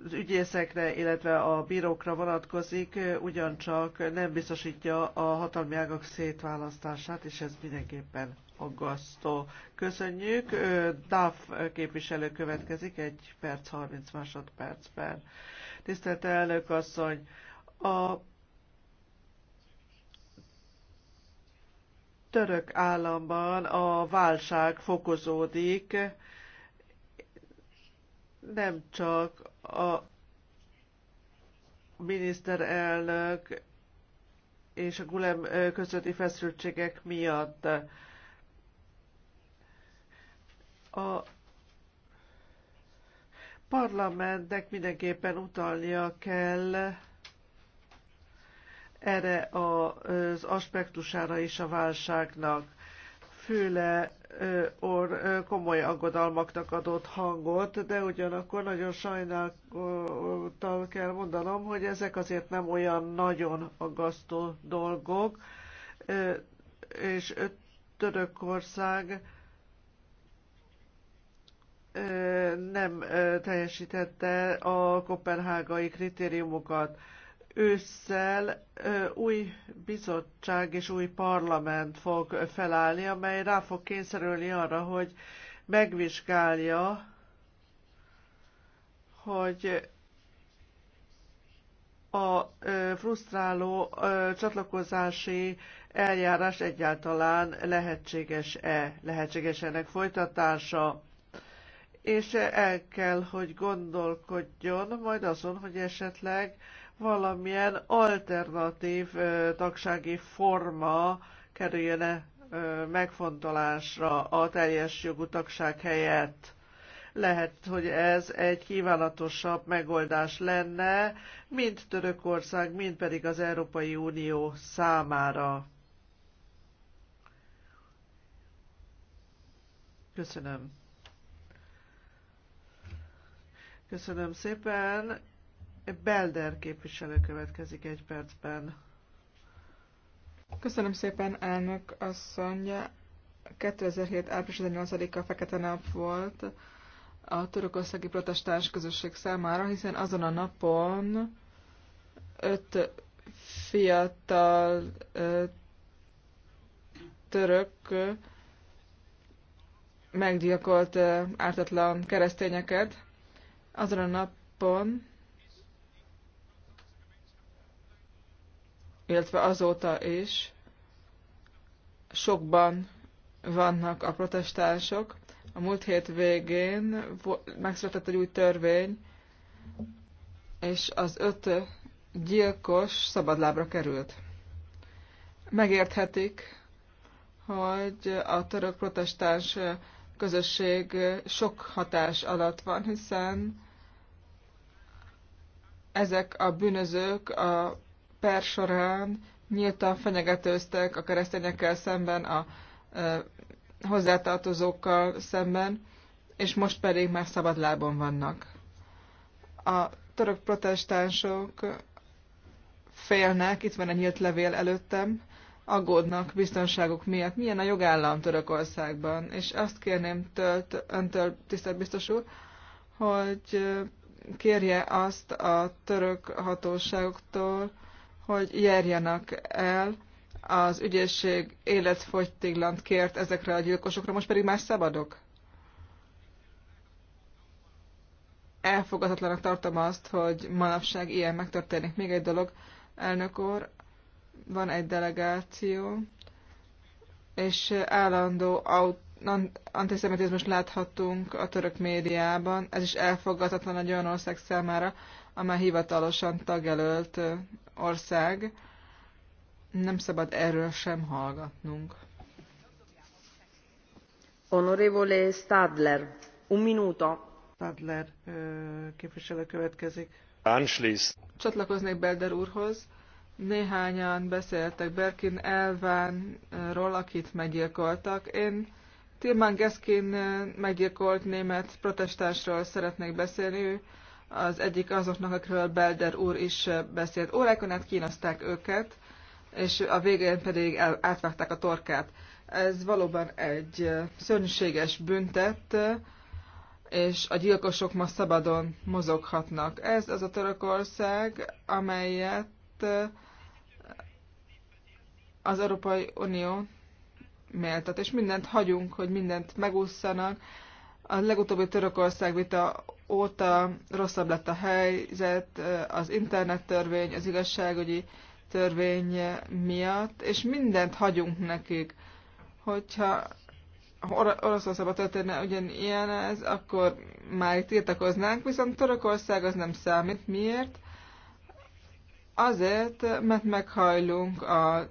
az ügyészekre, illetve a bírókra vonatkozik, ugyancsak nem biztosítja a hatalmi ágak szétválasztását, és ez mindenképpen aggasztó. Köszönjük. DAF képviselő következik egy perc 30 másodpercben. Tisztelt elnök asszony, a török államban a válság fokozódik, nem csak a miniszterelnök és a Gulem közötti feszültségek miatt. A parlamentnek mindenképpen utalnia kell erre az aspektusára is a válságnak, főle or, komoly aggodalmaknak adott hangot, de ugyanakkor nagyon sajnálattal kell mondanom, hogy ezek azért nem olyan nagyon aggasztó dolgok, és Törökország nem teljesítette a kopenhágai kritériumokat ősszel új bizottság és új parlament fog felállni, amely rá fog kényszerülni arra, hogy megvizsgálja, hogy a frusztráló csatlakozási eljárás egyáltalán lehetséges-e, lehetséges ennek folytatása és el kell, hogy gondolkodjon majd azon, hogy esetleg valamilyen alternatív tagsági forma kerüljön megfontolásra a teljes jogú tagság helyett lehet, hogy ez egy kívánatosabb megoldás lenne, mint Törökország, mind pedig az Európai Unió számára. Köszönöm. Köszönöm szépen. Belder képviselő következik egy percben. Köszönöm szépen, elnök asszony. 2007. április 18-a fekete nap volt a törökországi protestáns közösség számára, hiszen azon a napon öt fiatal török meggyilkolt ártatlan keresztényeket. Azon a napon illetve azóta is sokban vannak a protestánsok. A múlt hét végén megszületett egy új törvény, és az öt gyilkos szabadlábra került. Megérthetik, hogy a török protestáns közösség sok hatás alatt van, hiszen ezek a bűnözők a per során nyíltan fenyegetőztek a keresztényekkel szemben, a e, hozzátartozókkal szemben, és most pedig már szabad lábon vannak. A török protestánsok félnek, itt van egy nyílt levél előttem, aggódnak biztonságuk miatt. Milyen a jogállam Törökországban? És azt kérném tölt, öntől, tisztelt biztos úr, hogy kérje azt a török hatóságoktól, hogy járjanak el az ügyészség életfogytiglant kért ezekre a gyilkosokra, most pedig már szabadok? Elfogadhatatlanak tartom azt, hogy manapság ilyen megtörténik. Még egy dolog, elnök úr, van egy delegáció, és állandó aut antiszemitizmus láthatunk a török médiában. Ez is elfogadhatatlan egy olyan ország számára, amely hivatalosan tagjelölt ország, nem szabad erről sem hallgatnunk. Honorevole Stadler, un minuto. Stadler képviselő következik. Anschließ. Csatlakoznék Belder úrhoz. Néhányan beszéltek Berkin Elvánról, akit meggyilkoltak. Én Tilman Geskin meggyilkolt német protestánsról szeretnék beszélni. Ő az egyik azoknak, akikről Belder úr is beszélt. Órákon át kínozták őket, és a végén pedig átvágták a torkát. Ez valóban egy szörnyűséges büntet, és a gyilkosok ma szabadon mozoghatnak. Ez az a Törökország, amelyet az Európai Unió méltat, és mindent hagyunk, hogy mindent megúszanak, a legutóbbi Törökország vita óta rosszabb lett a helyzet, az internettörvény, az igazságügyi törvény miatt, és mindent hagyunk nekik. Hogyha Or- Oroszországban történne ugyanilyen ez, akkor már itt tiltakoznánk, viszont Törökország az nem számít. Miért? Azért, mert meghajlunk a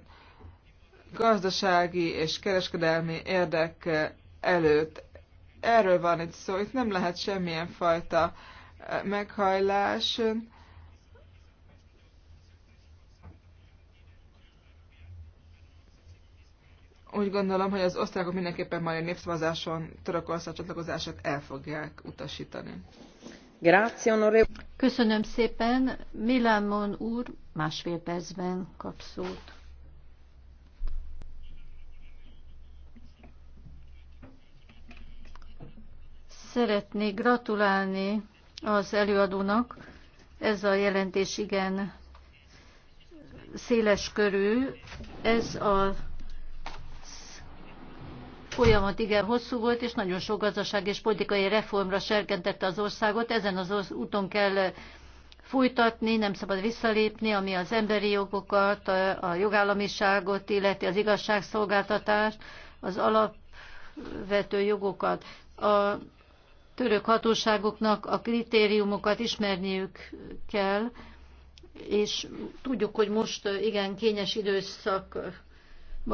gazdasági és kereskedelmi érdek előtt. Erről van itt szó, itt nem lehet semmilyen fajta eh, meghajlás. Úgy gondolom, hogy az osztrákok mindenképpen majd a népszavazáson Törökország csatlakozását el fogják utasítani. Köszönöm szépen. Milámon úr másfél percben kap szót. Szeretnék gratulálni az előadónak. Ez a jelentés igen széles körű. Ez a folyamat igen hosszú volt, és nagyon sok gazdaság és politikai reformra serkentette az országot. Ezen az úton kell folytatni, nem szabad visszalépni, ami az emberi jogokat, a jogállamiságot illeti, az igazságszolgáltatást, az alapvető jogokat. A török hatóságoknak a kritériumokat ismerniük kell, és tudjuk, hogy most igen kényes időszakba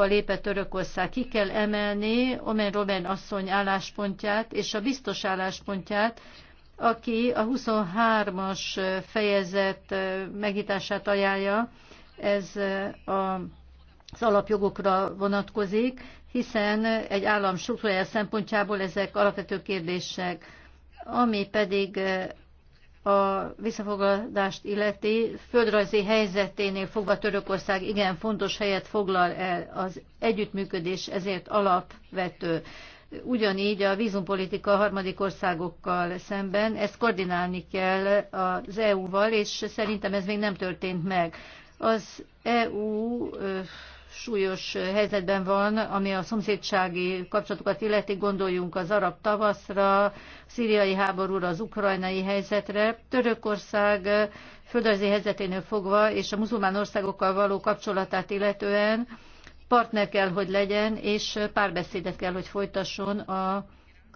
lépett Törökország. Ki kell emelni Omen Roben asszony álláspontját és a biztos álláspontját, aki a 23-as fejezet megítását ajánlja, ez a az alapjogokra vonatkozik, hiszen egy állam struktúrája szempontjából ezek alapvető kérdések, ami pedig eh, a visszafogadást illeti földrajzi helyzeténél fogva Törökország igen fontos helyet foglal el az együttműködés, ezért alapvető. Ugyanígy a vízumpolitika harmadik országokkal szemben, ezt koordinálni kell az EU-val, és szerintem ez még nem történt meg. Az EU eh, súlyos helyzetben van, ami a szomszédsági kapcsolatokat illeti, gondoljunk az arab tavaszra, szíriai háborúra, az ukrajnai helyzetre. Törökország földrajzi helyzeténél fogva és a muzulmán országokkal való kapcsolatát illetően partner kell, hogy legyen, és párbeszédet kell, hogy folytasson a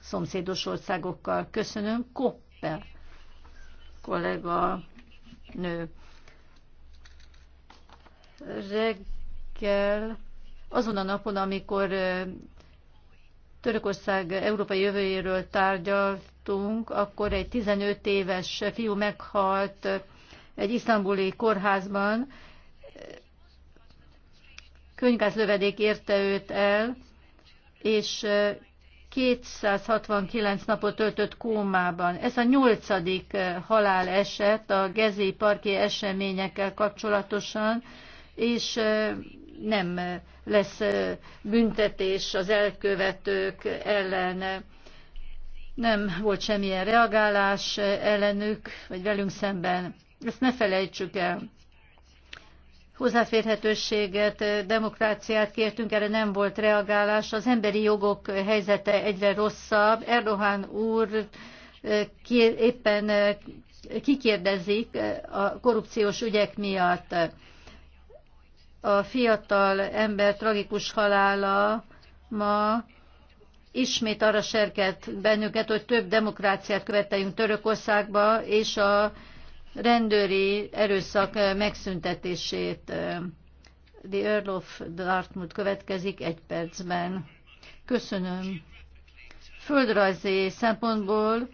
szomszédos országokkal. Köszönöm. Koppel kollega nő. Reg kell azon a napon, amikor Törökország európai jövőjéről tárgyaltunk, akkor egy 15 éves fiú meghalt egy isztambuli kórházban. Könyvgázlövedék érte őt el, és 269 napot töltött kómában. Ez a nyolcadik haláleset a Gezi parki eseményekkel kapcsolatosan, és nem lesz büntetés az elkövetők ellen. Nem volt semmilyen reagálás ellenük, vagy velünk szemben. Ezt ne felejtsük el. Hozzáférhetőséget, demokráciát kértünk, erre nem volt reagálás. Az emberi jogok helyzete egyre rosszabb. Erdogan úr éppen kikérdezik a korrupciós ügyek miatt a fiatal ember tragikus halála ma ismét arra serkelt bennünket, hogy több demokráciát követeljünk Törökországba, és a rendőri erőszak megszüntetését. The Earl of Dartmouth következik egy percben. Köszönöm. Földrajzi szempontból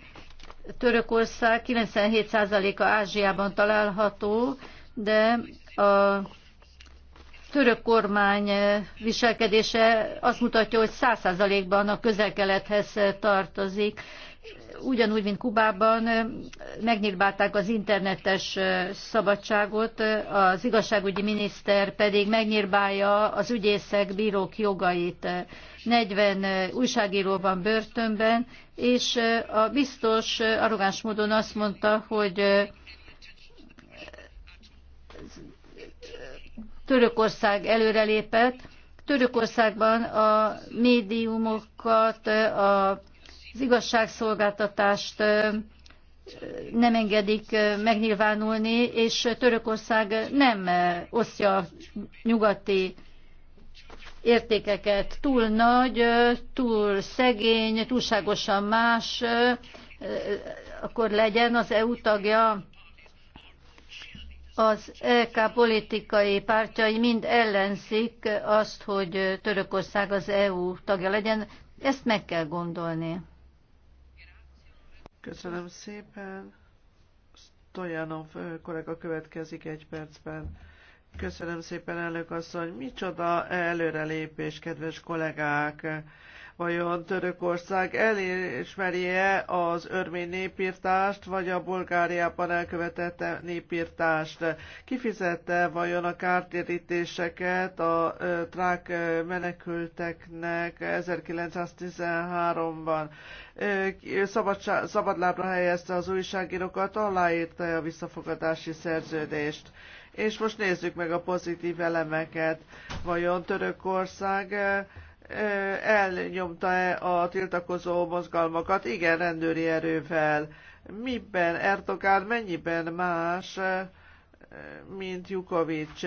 Törökország 97%-a Ázsiában található, de a török kormány eh, viselkedése azt mutatja, hogy száz százalékban a közel-kelethez eh, tartozik. Ugyanúgy, mint Kubában eh, megnyírbálták az internetes szabadságot, az igazságügyi miniszter pedig megnyírbálja az ügyészek, bírók jogait. 40 újságíró van börtönben, és a biztos arrogáns módon azt mondta, hogy Törökország előrelépett. Törökországban a médiumokat, az igazságszolgáltatást nem engedik megnyilvánulni, és Törökország nem osztja nyugati értékeket. Túl nagy, túl szegény, túlságosan más, akkor legyen az EU tagja. Az EK politikai pártjai mind ellenzik azt, hogy Törökország az EU tagja legyen. Ezt meg kell gondolni. Köszönöm szépen. Stojanov kollega következik egy percben. Köszönöm szépen, elnök asszony. Micsoda előrelépés, kedves kollégák! vajon Törökország elismeri-e az örmény népírtást, vagy a Bulgáriában elkövetett -e népírtást? Kifizette vajon a kártérítéseket a trák menekülteknek 1913-ban? Szabadlábra helyezte az újságírókat, aláírta a visszafogadási szerződést? És most nézzük meg a pozitív elemeket. Vajon Törökország elnyomta-e a tiltakozó mozgalmakat? Igen, rendőri erővel. Miben Erdogan mennyiben más, mint Jukovics?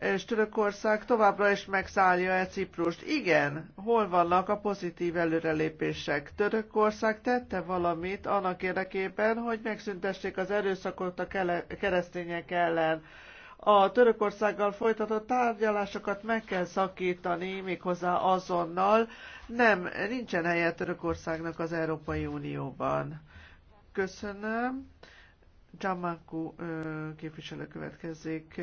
És Törökország továbbra is megszállja-e Ciprust? Igen, hol vannak a pozitív előrelépések? Törökország tette valamit annak érdekében, hogy megszüntessék az erőszakot a keresztények ellen a Törökországgal folytatott tárgyalásokat meg kell szakítani, méghozzá azonnal. Nem, nincsen helye Törökországnak az Európai Unióban. Köszönöm. Jamaku képviselő következik.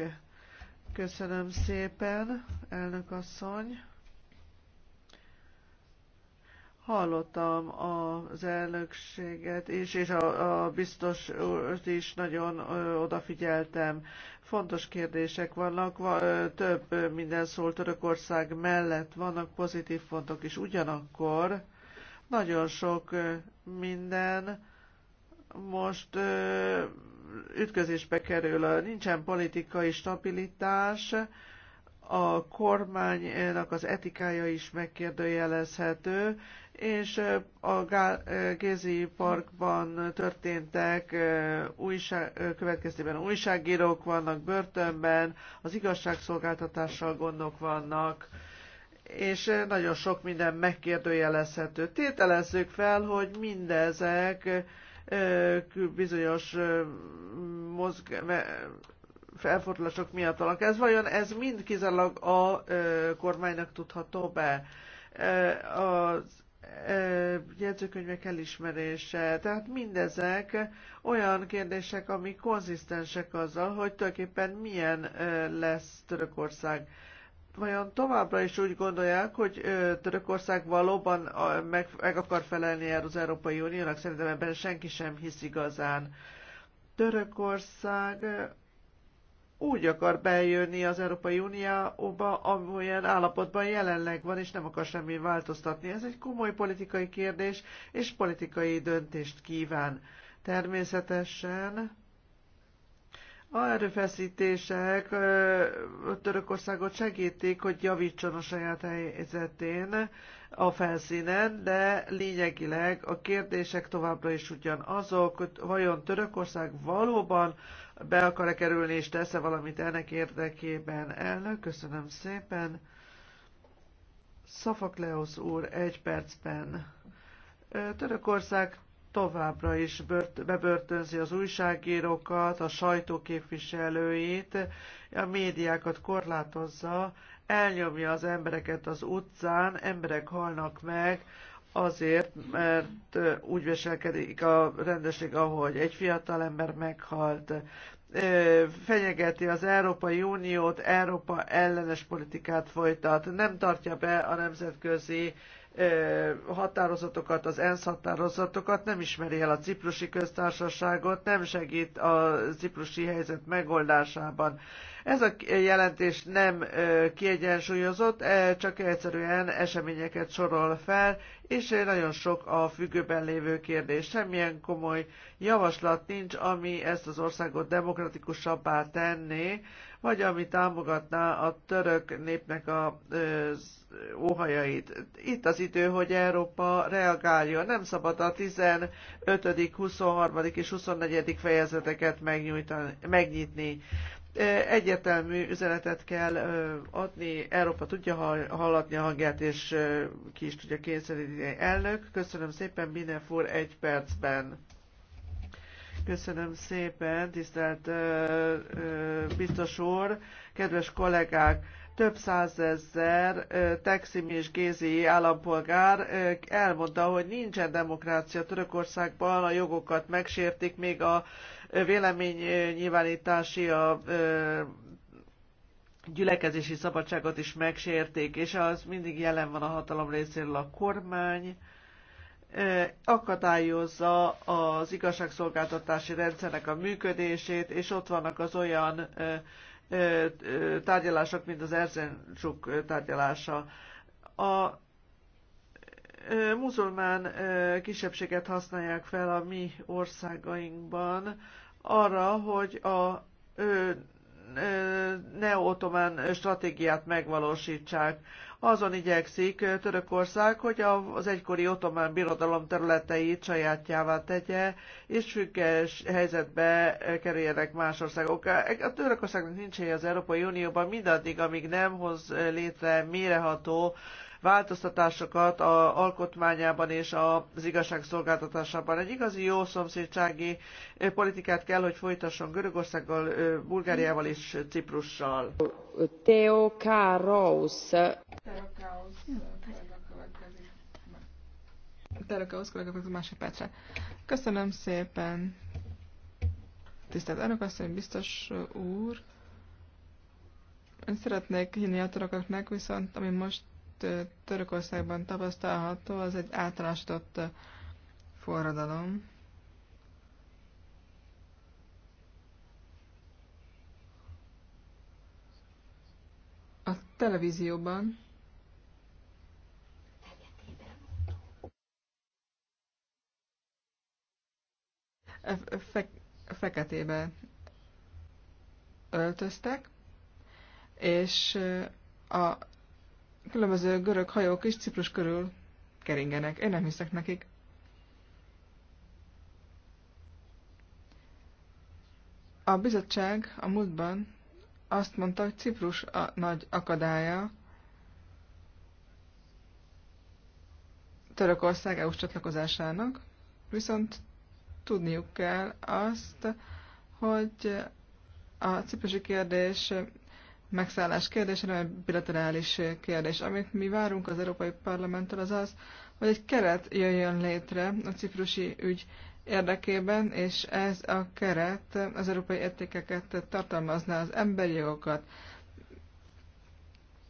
Köszönöm szépen, elnök asszony. Hallottam az elnökséget is, és a, a biztos úrt is nagyon odafigyeltem. Fontos kérdések vannak, több minden szól Törökország mellett, vannak pozitív fontok is. Ugyanakkor nagyon sok minden most ütközésbe kerül. Nincsen politikai stabilitás, a kormánynak az etikája is megkérdőjelezhető, és a Gézi Parkban történtek újság, következtében újságírók vannak börtönben, az igazságszolgáltatással gondok vannak, és nagyon sok minden megkérdőjelezhető. Tételezzük fel, hogy mindezek bizonyos mozg felfordulások miatt alak. Ez vajon ez mind kizárólag a kormánynak tudható be? az jegyzőkönyvek elismerése. Tehát mindezek olyan kérdések, amik konzisztensek azzal, hogy tulajdonképpen milyen lesz Törökország. Vajon továbbra is úgy gondolják, hogy Törökország valóban meg, meg akar felelni erre az Európai Uniónak? Szerintem ebben senki sem hisz igazán. Törökország úgy akar bejönni az Európai Unióba, amilyen állapotban jelenleg van, és nem akar semmi változtatni. Ez egy komoly politikai kérdés, és politikai döntést kíván. Természetesen a erőfeszítések Törökországot segítik, hogy javítson a saját helyzetén a felszínen, de lényegileg a kérdések továbbra is ugyanazok, hogy vajon Törökország valóban be akar-e kerülni, és tesz-e valamit ennek érdekében. Elnök, köszönöm szépen. Szafakleusz úr, egy percben. Törökország továbbra is bört, bebörtönzi az újságírókat, a sajtóképviselőit, a médiákat korlátozza, elnyomja az embereket az utcán, emberek halnak meg, azért, mert úgy viselkedik a rendőrség, ahogy egy fiatal ember meghalt, fenyegeti az Európai Uniót, Európa ellenes politikát folytat, nem tartja be a nemzetközi határozatokat, az ENSZ határozatokat, nem ismeri el a ciprusi köztársaságot, nem segít a ciprusi helyzet megoldásában. Ez a jelentés nem kiegyensúlyozott, e, csak egyszerűen eseményeket sorol fel, és nagyon sok a függőben lévő kérdés. Semmilyen komoly javaslat nincs, ami ezt az országot demokratikusabbá tenné, vagy ami támogatná a török népnek a óhajait. Itt az idő, hogy Európa reagáljon. Nem szabad a 15., 23. és 24. fejezeteket megnyitni Egyértelmű üzenetet kell adni, Európa tudja hallatni a hangját, és ki is tudja kényszeríteni. Elnök, köszönöm szépen, Binefur egy percben. Köszönöm szépen, tisztelt ö, ö, biztos úr, kedves kollégák! Több százezer Texim és Gézi állampolgár elmondta, hogy nincsen demokrácia Törökországban, a jogokat megsértik, még a véleménynyilvánítási, a ö, gyülekezési szabadságot is megsérték, és az mindig jelen van a hatalom részéről a kormány, akadályozza az igazságszolgáltatási rendszernek a működését, és ott vannak az olyan tárgyalások, mint az Erzencsuk tárgyalása. A muzulmán kisebbséget használják fel a mi országainkban arra, hogy a neo stratégiát megvalósítsák azon igyekszik Törökország, hogy az egykori ottomán birodalom területeit sajátjává tegye, és függes helyzetbe kerüljenek más országok. A Törökországnak nincs helye az Európai Unióban mindaddig, amíg nem hoz létre méreható változtatásokat a alkotmányában és az igazságszolgáltatásában. Egy igazi jó szomszédsági politikát kell, hogy folytasson Görögországgal, Bulgáriával és Ciprussal. Theo Káros. Theo Káros. a másodpercre. Köszönöm szépen. Tisztelt elnök asszony, biztos úr. Én szeretnék hinni a törököknek, viszont ami most Törökországban tapasztalható, az egy általánosított forradalom. A televízióban fe, feketébe öltöztek, és a különböző görög hajók is Ciprus körül keringenek. Én nem hiszek nekik. A bizottság a múltban azt mondta, hogy Ciprus a nagy akadálya Törökország EU csatlakozásának, viszont tudniuk kell azt, hogy a ciprusi kérdés megszállás kérdésre, egy bilaterális kérdés. Amit mi várunk az Európai Parlamenttől az az, hogy egy keret jöjjön létre a ciprusi ügy érdekében, és ez a keret az európai értékeket tartalmazná, az emberi jogokat,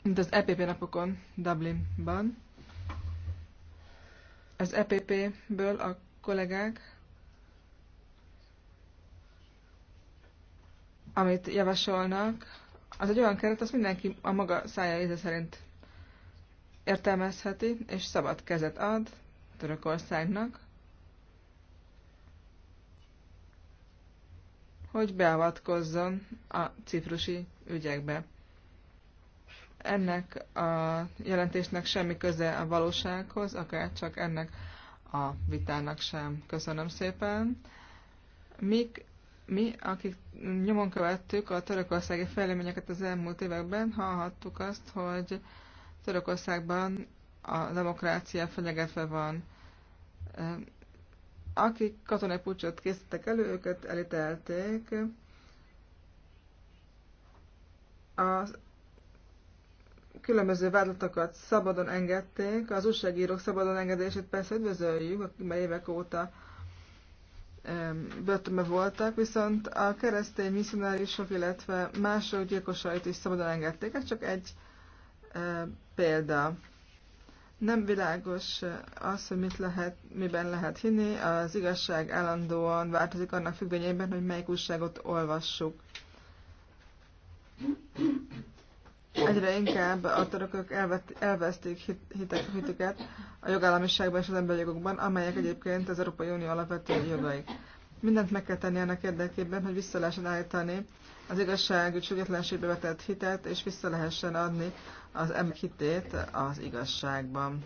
mint az EPP napokon Dublinban. Az EPP-ből a kollégák, amit javasolnak, az egy olyan keret, azt mindenki a maga szája íze szerint értelmezheti, és szabad kezet ad Törökországnak, hogy beavatkozzon a ciprusi ügyekbe. Ennek a jelentésnek semmi köze a valósághoz, akár csak ennek a vitának sem. Köszönöm szépen. Mik mi, akik nyomon követtük a törökországi fejleményeket az elmúlt években, hallhattuk azt, hogy Törökországban a demokrácia fenyegetve van. Akik katonai pucsot készítettek elő, őket elítelték. A különböző vádlatokat szabadon engedték, az újságírók szabadon engedését persze üdvözöljük, akik már évek óta börtönbe voltak, viszont a keresztény misszionáriusok, illetve mások gyilkosait is szabadon engedték. Ez csak egy példa. Nem világos az, hogy mit lehet, miben lehet hinni. Az igazság állandóan változik annak függvényében, hogy melyik újságot olvassuk egyre inkább a törökök elveszték elvesztik hit, hit, hitüket a jogállamiságban és az emberi jogokban, amelyek egyébként az Európai Unió alapvető jogaik. Mindent meg kell tenni ennek érdekében, hogy vissza lehessen állítani az igazságügy függetlenségbe vetett hitet, és vissza lehessen adni az emberi hitét az igazságban.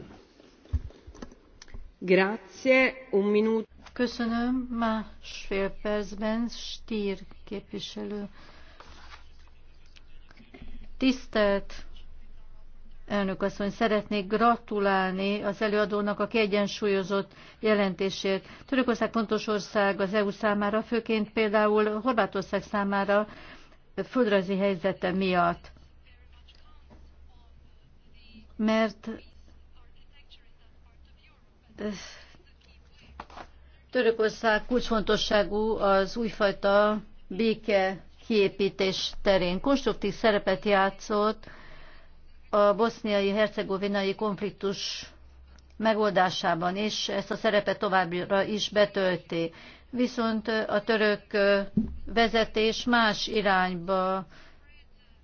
Grazie, un minuto. Köszönöm, másfél percben Stír képviselő. Tisztelt elnök asszony, szeretnék gratulálni az előadónak a kiegyensúlyozott jelentésért. Törökország fontos ország az EU számára, főként például Horvátország számára földrajzi helyzete miatt. Mert Törökország kulcsfontosságú az újfajta béke kiépítés terén. Konstruktív szerepet játszott a boszniai hercegovinai konfliktus megoldásában és ezt a szerepet továbbra is betölti. Viszont a török vezetés más irányba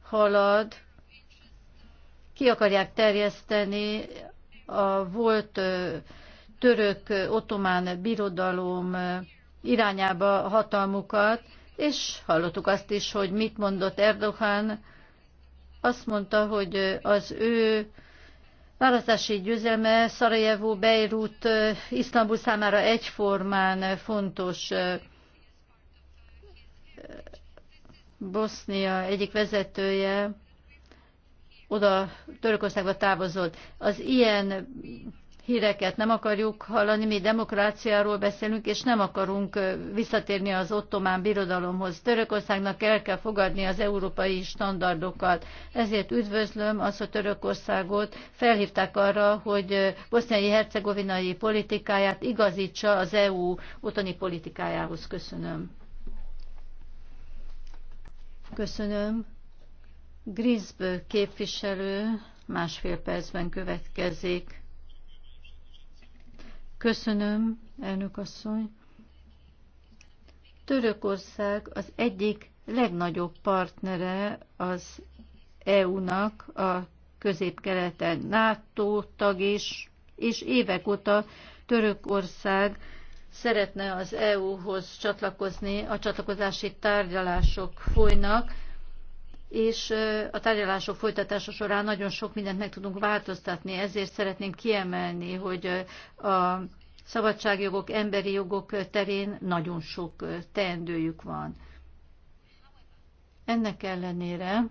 halad, ki akarják terjeszteni a volt török ottomán birodalom irányába hatalmukat, és hallottuk azt is, hogy mit mondott Erdogan. Azt mondta, hogy az ő választási győzelme Szarajevó, Beirut, Isztambul számára egyformán fontos Bosznia egyik vezetője oda Törökországba távozott. Az ilyen híreket nem akarjuk hallani, mi demokráciáról beszélünk, és nem akarunk visszatérni az ottomán birodalomhoz. Törökországnak el kell fogadni az európai standardokat. Ezért üdvözlöm azt, hogy Törökországot felhívták arra, hogy boszniai hercegovinai politikáját igazítsa az EU otthoni politikájához. Köszönöm. Köszönöm. Grisbő képviselő másfél percben következik. Köszönöm, elnök asszony. Törökország az egyik legnagyobb partnere az EU-nak a közép-keleten NATO tag is, és évek óta Törökország szeretne az EU-hoz csatlakozni, a csatlakozási tárgyalások folynak, és a tárgyalások folytatása során nagyon sok mindent meg tudunk változtatni, ezért szeretném kiemelni, hogy a szabadságjogok, emberi jogok terén nagyon sok teendőjük van. Ennek ellenére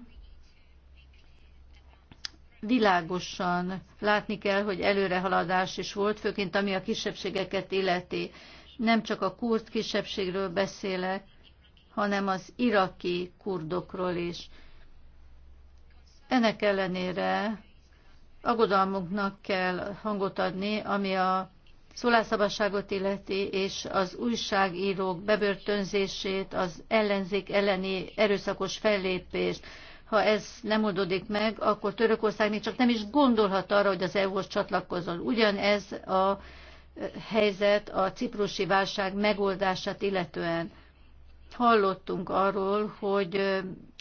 világosan látni kell, hogy előrehaladás is volt, főként ami a kisebbségeket illeti. Nem csak a kurd kisebbségről beszélek, hanem az iraki kurdokról is. Ennek ellenére aggodalmunknak kell hangot adni, ami a szólásszabadságot illeti, és az újságírók bebörtönzését, az ellenzék elleni erőszakos fellépést. Ha ez nem oldódik meg, akkor Törökország még csak nem is gondolhat arra, hogy az EU-hoz csatlakozzon. Ugyanez a helyzet a ciprusi válság megoldását illetően. Hallottunk arról, hogy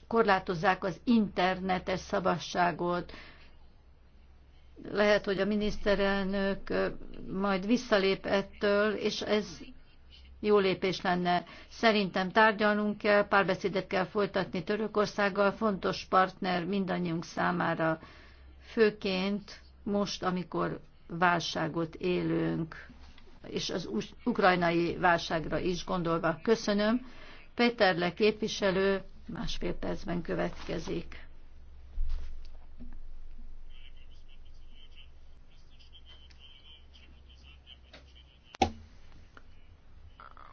korlátozzák az internetes szabadságot. Lehet, hogy a miniszterelnök majd visszalép ettől, és ez jó lépés lenne. Szerintem tárgyalnunk kell, párbeszédet kell folytatni Törökországgal, fontos partner mindannyiunk számára, főként most, amikor válságot élünk, és az ukrajnai válságra is gondolva. Köszönöm. Péterle képviselő másfél percben következik.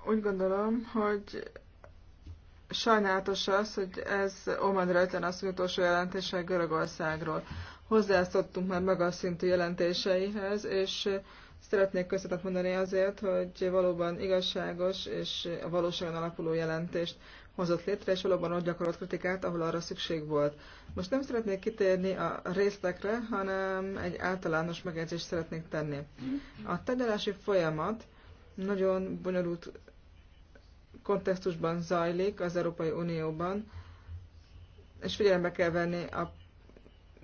Úgy gondolom, hogy sajnálatos az, hogy ez Omad Rajten az utolsó jelentése Görögországról. Hozzászoktunk már magas szintű jelentéseihez, és szeretnék köszönetet mondani azért, hogy valóban igazságos és a valóságon alapuló jelentést hozott létre, és valóban ott gyakorolt kritikát, ahol arra szükség volt. Most nem szeretnék kitérni a részlekre, hanem egy általános megjegyzést szeretnék tenni. A tegyelási folyamat nagyon bonyolult kontextusban zajlik az Európai Unióban, és figyelembe kell venni a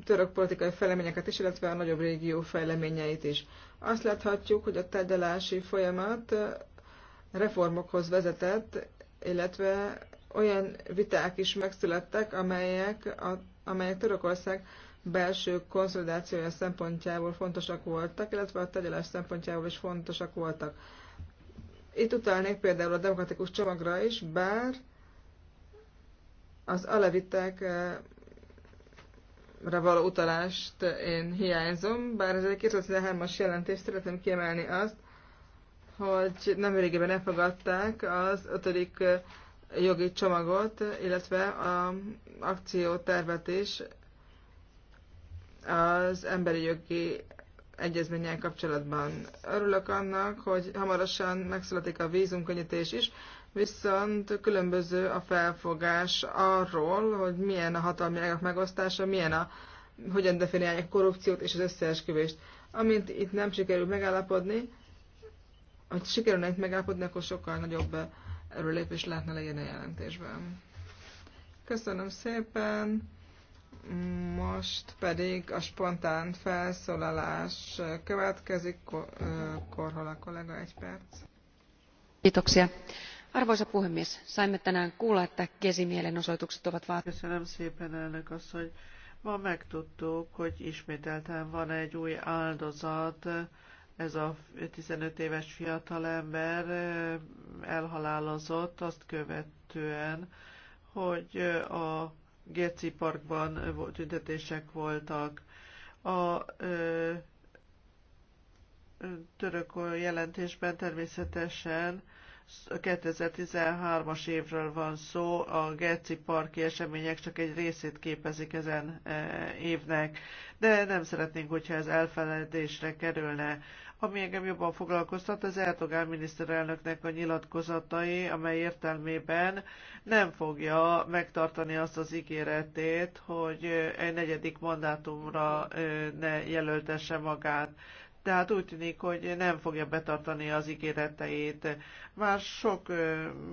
török politikai fejleményeket is, illetve a nagyobb régió fejleményeit is. Azt láthatjuk, hogy a tegyelási folyamat reformokhoz vezetett, illetve olyan viták is megszülettek, amelyek, a, amelyek Törökország belső konszolidációja szempontjából fontosak voltak, illetve a tegyelés szempontjából is fontosak voltak. Itt utalnék például a demokratikus csomagra is, bár az alevitekre való utalást én hiányzom, bár ez egy 2013-as jelentés, szeretném kiemelni azt, hogy nem elfogadták az ötödik jogi csomagot, illetve a akciótervet is az emberi jogi egyezményen kapcsolatban. Örülök annak, hogy hamarosan megszületik a vízumkönnyítés is, viszont különböző a felfogás arról, hogy milyen a hatalmi ágak megosztása, milyen a, hogyan definiálják korrupciót és az összeesküvést. Amint itt nem sikerül megállapodni, hogy sikerülne itt megállapodni, akkor sokkal nagyobb erőlépés lehetne legyen a jelentésben. Köszönöm szépen! Most pedig a spontán felszólalás következik. a kollega, egy perc. Kiitoksia. Arvoisa puhemies, saimme tänään kuulla, että kesimielenosoitukset ovat vaativat. Köszönöm szépen, elnök asszony. Ma megtudtuk, hogy ismételten van egy új áldozat, ez a 15 éves fiatalember elhalálozott azt követően, hogy a Géci Parkban tüntetések voltak. A ö, török jelentésben természetesen 2013-as évről van szó, a Geci parki események csak egy részét képezik ezen évnek, de nem szeretnénk, hogyha ez elfeledésre kerülne. Ami engem jobban foglalkoztat, az Erdogán miniszterelnöknek a nyilatkozatai, amely értelmében nem fogja megtartani azt az ígéretét, hogy egy negyedik mandátumra ne jelöltesse magát. Tehát úgy tűnik, hogy nem fogja betartani az ígéreteit. Már sok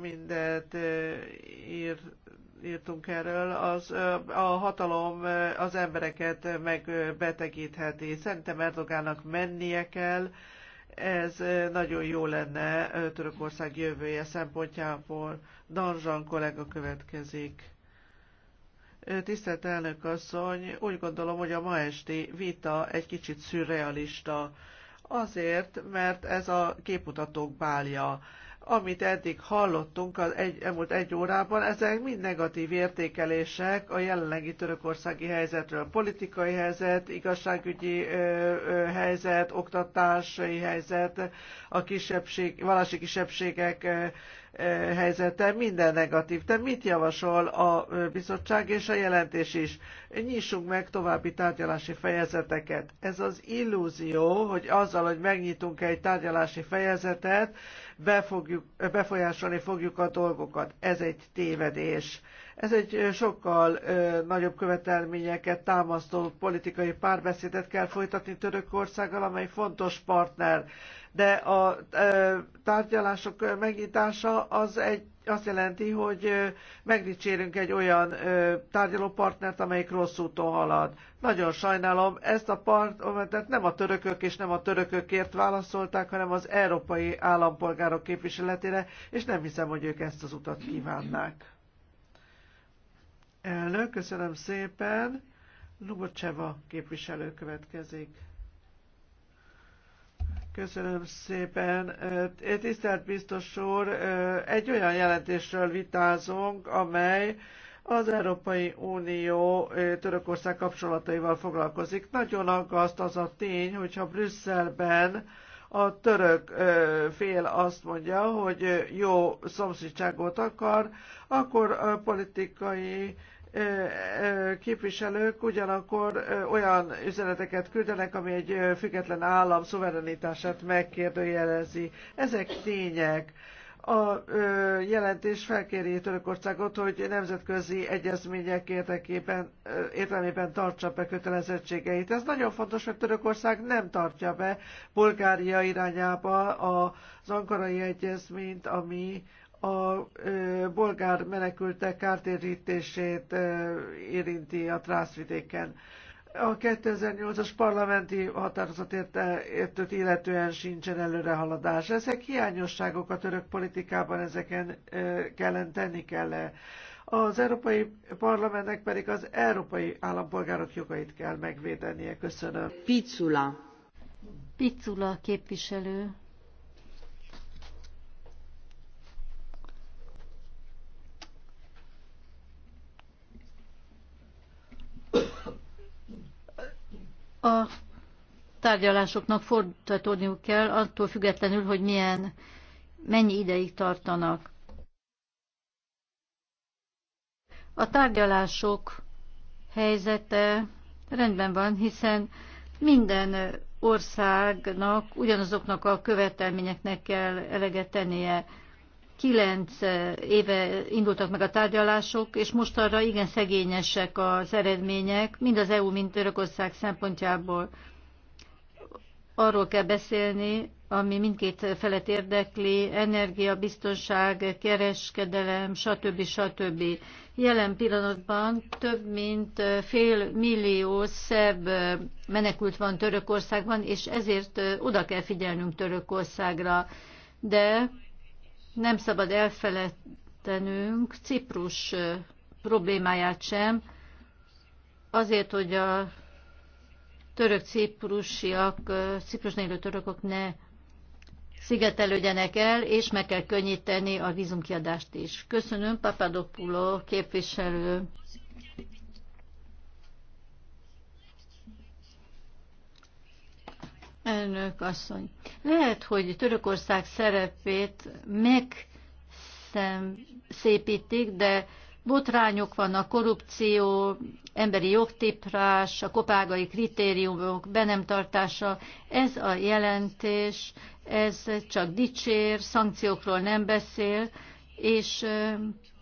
mindent ír írtunk erről, az a hatalom az embereket megbetegítheti. Szerintem Erdogának mennie kell, ez nagyon jó lenne Törökország jövője szempontjából. Danzsan kollega következik. Tisztelt elnök asszony, úgy gondolom, hogy a ma esti vita egy kicsit szürrealista. Azért, mert ez a képutatók bálja amit eddig hallottunk az egy, elmúlt egy órában, ezek mind negatív értékelések a jelenlegi törökországi helyzetről. Politikai helyzet, igazságügyi ö, ö, helyzet, oktatási helyzet, a kisebbség, vallási kisebbségek ö, helyzete, minden negatív. Te mit javasol a bizottság és a jelentés is? Nyissunk meg további tárgyalási fejezeteket. Ez az illúzió, hogy azzal, hogy megnyitunk egy tárgyalási fejezetet, befogjuk, befolyásolni fogjuk a dolgokat. Ez egy tévedés. Ez egy sokkal ö, nagyobb követelményeket támasztó politikai párbeszédet kell folytatni Törökországgal, amely fontos partner. De a ö, tárgyalások megnyitása az egy azt jelenti, hogy megdicsérünk egy olyan tárgyalópartnert, amelyik rossz úton halad. Nagyon sajnálom, ezt a partnert nem a törökök és nem a törökökért válaszolták, hanem az európai állampolgárok képviseletére, és nem hiszem, hogy ők ezt az utat kívánnák. Elnök, köszönöm szépen. Lubocseva képviselő következik. Köszönöm szépen. Tisztelt biztos úr, egy olyan jelentésről vitázunk, amely az Európai Unió Törökország kapcsolataival foglalkozik. Nagyon aggaszt az a tény, hogyha Brüsszelben a török fél azt mondja, hogy jó szomszédságot akar, akkor a politikai képviselők ugyanakkor olyan üzeneteket küldenek, ami egy független állam szuverenitását megkérdőjelezi. Ezek tények. A jelentés felkéri Törökországot, hogy nemzetközi egyezmények érdekében, ö, értelmében tartsa be kötelezettségeit. Ez nagyon fontos, mert Törökország nem tartja be Bulgária irányába az ankarai egyezményt, ami a bolgár menekültek kártérítését érinti a trászvidéken. A 2008-as parlamenti határozat értőt illetően sincsen előrehaladás. Ezek hiányosságok a török politikában, ezeken kellene tenni kell. -e. Az Európai Parlamentnek pedig az európai állampolgárok jogait kell megvédenie. Köszönöm. Picula. Picula képviselő. A tárgyalásoknak folytatódniuk kell, attól függetlenül, hogy milyen, mennyi ideig tartanak. A tárgyalások helyzete rendben van, hiszen minden országnak ugyanazoknak a követelményeknek kell eleget tennie kilenc eh, éve indultak meg a tárgyalások, és arra igen szegényesek az eredmények, mind az EU, mind Törökország szempontjából. Arról kell beszélni, ami mindkét felet érdekli, energia, biztonság, kereskedelem, stb. stb. Jelen pillanatban több mint fél millió szebb menekült van Törökországban, és ezért eh, oda kell figyelnünk Törökországra. De nem szabad elfelejtenünk Ciprus problémáját sem, azért, hogy a török ciprusiak, Ciprus élő törökök ne szigetelődjenek el, és meg kell könnyíteni a vízumkiadást is. Köszönöm, Papadopulo képviselő. Elnök asszony, lehet, hogy Törökország szerepét megszépítik, de botrányok vannak, korrupció, emberi jogtiprás, a kopágai kritériumok benemtartása. Ez a jelentés, ez csak dicsér, szankciókról nem beszél, és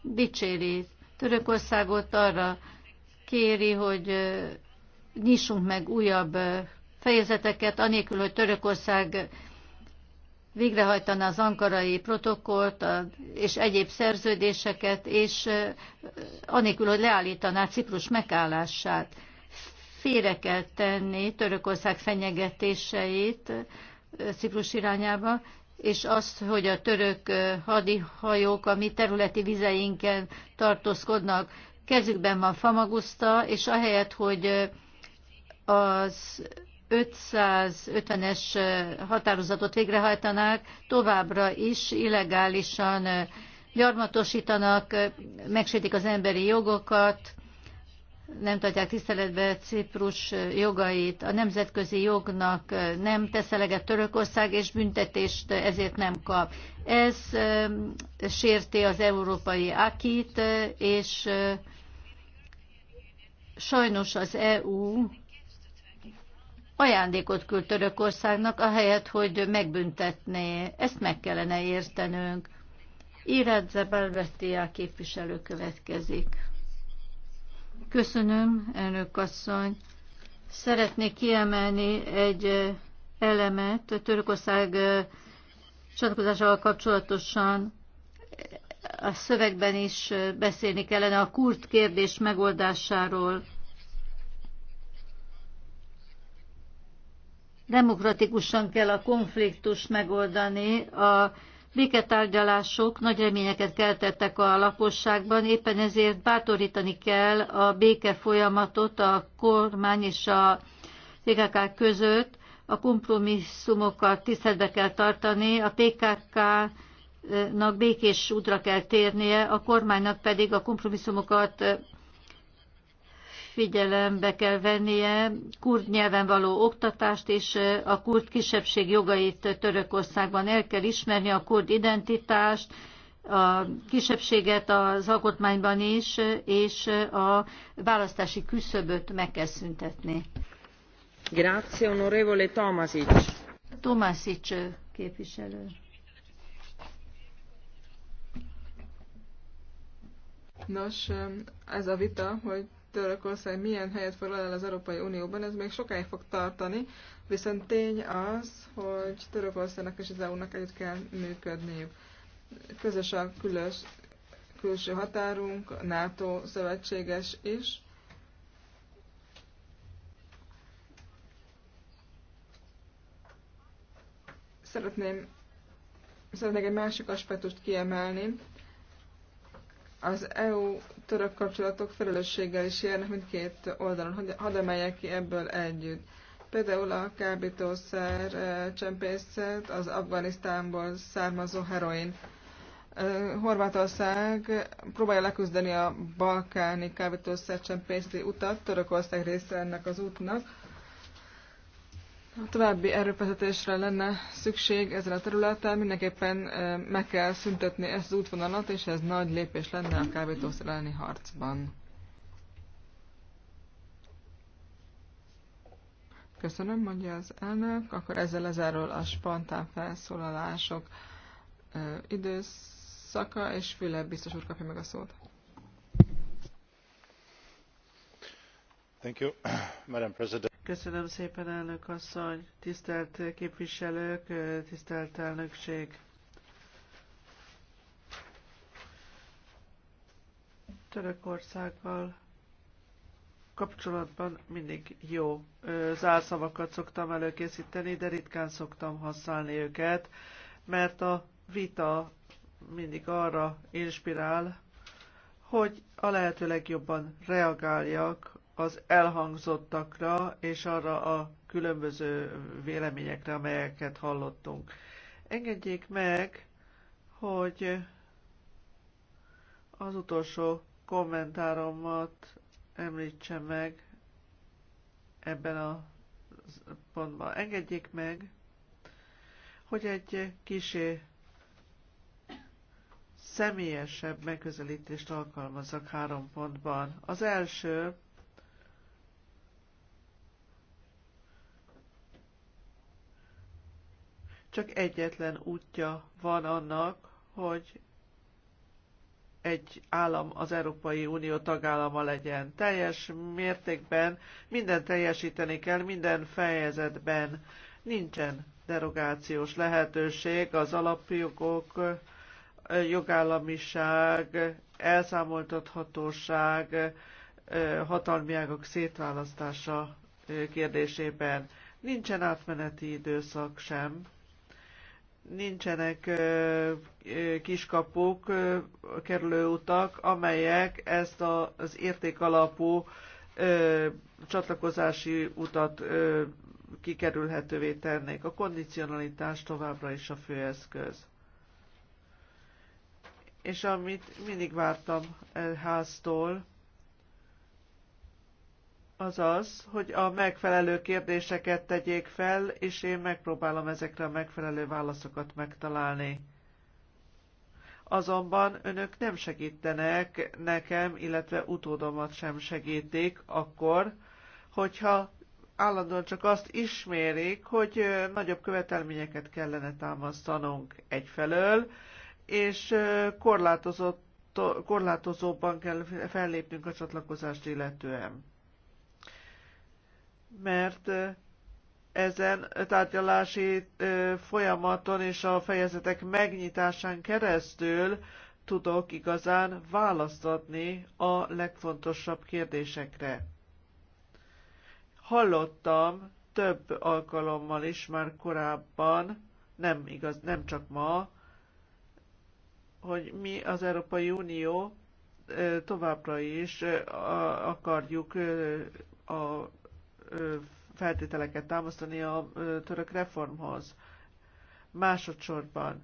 dicséri Törökországot arra kéri, hogy nyissunk meg újabb fejezeteket, anélkül, hogy Törökország végrehajtana az ankarai protokollt és egyéb szerződéseket, és anélkül, hogy leállítaná Ciprus megállását. Félre kell tenni Törökország fenyegetéseit Ciprus irányába, és azt, hogy a török hadihajók a mi területi vizeinken tartózkodnak. Kezükben van famagusta és ahelyett, hogy az 550-es határozatot végrehajtanák, továbbra is illegálisan gyarmatosítanak, megsértik az emberi jogokat, nem tartják tiszteletbe Ciprus jogait, a nemzetközi jognak nem tesz eleget Törökország, és büntetést ezért nem kap. Ez sérti az európai akit, és sajnos az EU ajándékot küld Törökországnak, ahelyett, hogy megbüntetné. Ezt meg kellene értenünk. Írát Zebelvetia képviselő következik. Köszönöm, elnök asszony. Szeretnék kiemelni egy elemet Törökország csatlakozásával kapcsolatosan a szövegben is beszélni kellene a kurt kérdés megoldásáról. Demokratikusan kell a konfliktus megoldani. A béketárgyalások nagy reményeket keltettek a lakosságban, éppen ezért bátorítani kell a béke folyamatot a kormány és a PKK között. A kompromisszumokat tiszteletbe kell tartani, a PKK nak békés útra kell térnie, a kormánynak pedig a kompromisszumokat figyelembe kell vennie kurd nyelven való oktatást és a kurd kisebbség jogait Törökországban. El kell ismerni a kurd identitást, a kisebbséget az alkotmányban is, és a választási küszöböt meg kell szüntetni. Grazie, onorevole Tomasic. Tomasic képviselő. Nos, ez a vita, hogy Törökország milyen helyet foglal el az Európai Unióban, ez még sokáig fog tartani, viszont tény az, hogy Törökországnak és az EU-nak együtt kell működniük. Közös a külös, külső határunk, a NATO szövetséges is. Szeretném szeretnék egy másik aspektust kiemelni. Az EU török kapcsolatok felelősséggel is járnak mindkét oldalon. Hadd emeljek ki ebből együtt. Például a kábítószer csempészet, az Afganisztánból származó heroin. Horvátország próbálja leküzdeni a balkáni kábítószer csempészeti utat, Törökország része ennek az útnak a további erőfeszítésre lenne szükség ezen a területen, mindenképpen meg kell szüntetni ezt az útvonalat, és ez nagy lépés lenne a kábítószer elleni harcban. Köszönöm, mondja az elnök. Akkor ezzel lezárul a spontán felszólalások időszaka, és Füle biztos úr kapja meg a szót. Thank you, [clears throat] Madam President. Köszönöm szépen, elnök asszony, tisztelt képviselők, tisztelt elnökség. Törökországgal kapcsolatban mindig jó zárszavakat szoktam előkészíteni, de ritkán szoktam használni őket, mert a vita mindig arra inspirál, hogy a lehető legjobban reagáljak az elhangzottakra és arra a különböző véleményekre, amelyeket hallottunk. Engedjék meg, hogy az utolsó kommentáromat említse meg ebben a pontban. Engedjék meg, hogy egy kisé személyesebb megközelítést alkalmazzak három pontban. Az első csak egyetlen útja van annak, hogy egy állam az Európai Unió tagállama legyen. Teljes mértékben minden teljesíteni kell, minden fejezetben. Nincsen derogációs lehetőség az alapjogok, jogállamiság, elszámoltathatóság, hatalmi szétválasztása kérdésében. Nincsen átmeneti időszak sem nincsenek kiskapuk, kerülőutak, amelyek ezt az értékalapú csatlakozási utat kikerülhetővé tennék. A kondicionalitás továbbra is a fő eszköz. És amit mindig vártam háztól, az az, hogy a megfelelő kérdéseket tegyék fel, és én megpróbálom ezekre a megfelelő válaszokat megtalálni. Azonban önök nem segítenek nekem, illetve utódomat sem segítik akkor, hogyha állandóan csak azt ismérik, hogy nagyobb követelményeket kellene támasztanunk egyfelől, és korlátozott, korlátozóban kell fellépnünk a csatlakozást illetően mert ezen tárgyalási folyamaton és a fejezetek megnyitásán keresztül tudok igazán választatni a legfontosabb kérdésekre. Hallottam több alkalommal is már korábban, nem igaz, nem csak ma, hogy mi az Európai Unió továbbra is akarjuk a feltételeket támasztani a török reformhoz. Másodszorban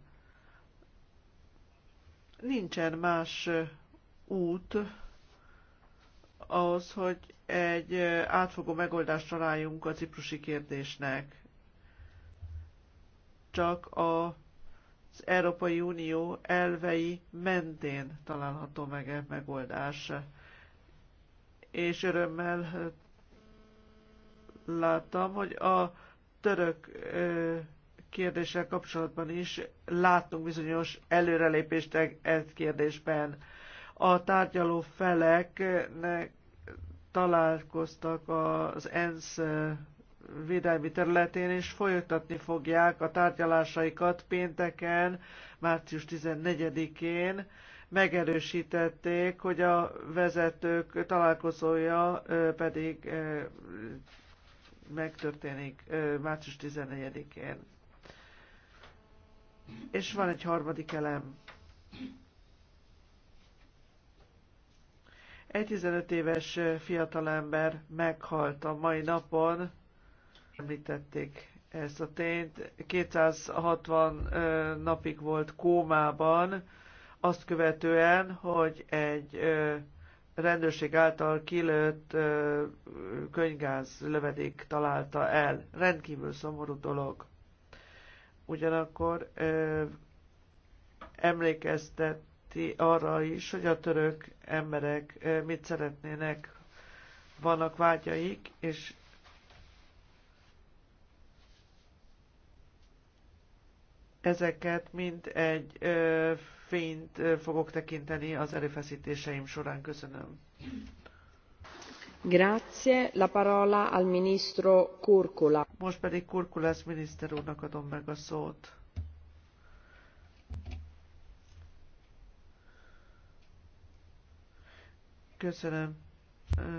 nincsen más út ahhoz, hogy egy átfogó megoldást találjunk a ciprusi kérdésnek. Csak a az Európai Unió elvei mentén található meg a e megoldás. És örömmel láttam, hogy a török kérdéssel kapcsolatban is láttunk bizonyos előrelépést egy e kérdésben. A tárgyaló feleknek találkoztak az ENSZ védelmi területén, és folytatni fogják a tárgyalásaikat pénteken, március 14-én. Megerősítették, hogy a vezetők találkozója pedig megtörténik március 14-én. És van egy harmadik elem. Egy 15 éves fiatalember meghalt a mai napon, említették ezt a tényt, 260 napig volt kómában, azt követően, hogy egy rendőrség által kilőtt könygáz lövedék találta el. Rendkívül szomorú dolog. Ugyanakkor ö, emlékezteti arra is, hogy a török emberek ö, mit szeretnének, vannak vágyaik, és ezeket mind egy ö, fényt fogok tekinteni az erőfeszítéseim során. Köszönöm. Grazie. La parola al ministro Kurkula. Most pedig Kurkulász miniszter úrnak adom meg a szót. Köszönöm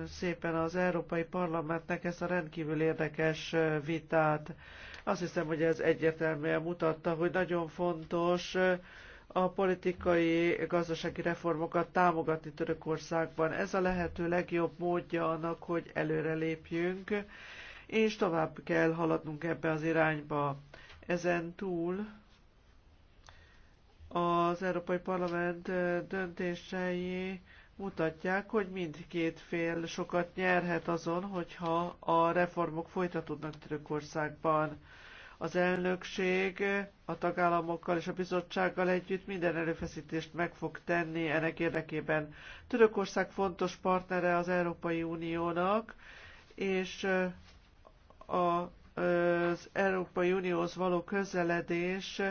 szépen az Európai Parlamentnek ezt a rendkívül érdekes vitát. Azt hiszem, hogy ez egyértelműen mutatta, hogy nagyon fontos a politikai, gazdasági reformokat támogatni Törökországban. Ez a lehető legjobb módja annak, hogy előrelépjünk, és tovább kell haladnunk ebbe az irányba. Ezen túl az Európai Parlament döntései mutatják, hogy mindkét fél sokat nyerhet azon, hogyha a reformok folytatódnak Törökországban az elnökség a tagállamokkal és a bizottsággal együtt minden erőfeszítést meg fog tenni ennek érdekében. Törökország fontos partnere az Európai Uniónak, és az Európai Unióhoz való közeledés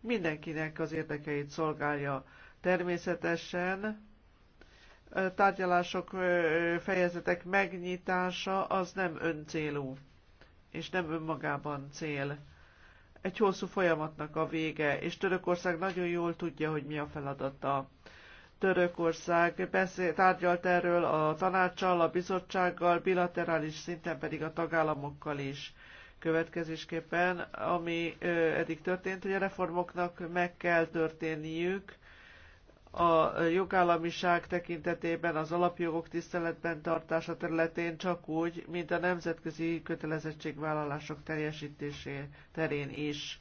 mindenkinek az érdekeit szolgálja. Természetesen tárgyalások, fejezetek megnyitása az nem öncélú és nem önmagában cél. Egy hosszú folyamatnak a vége, és Törökország nagyon jól tudja, hogy mi a feladata. Törökország beszél, tárgyalt erről a tanácssal, a bizottsággal, bilaterális szinten pedig a tagállamokkal is. Következésképpen, ami eddig történt, hogy a reformoknak meg kell történniük, a jogállamiság tekintetében, az alapjogok tiszteletben tartása területén csak úgy, mint a nemzetközi kötelezettségvállalások teljesítésé terén is.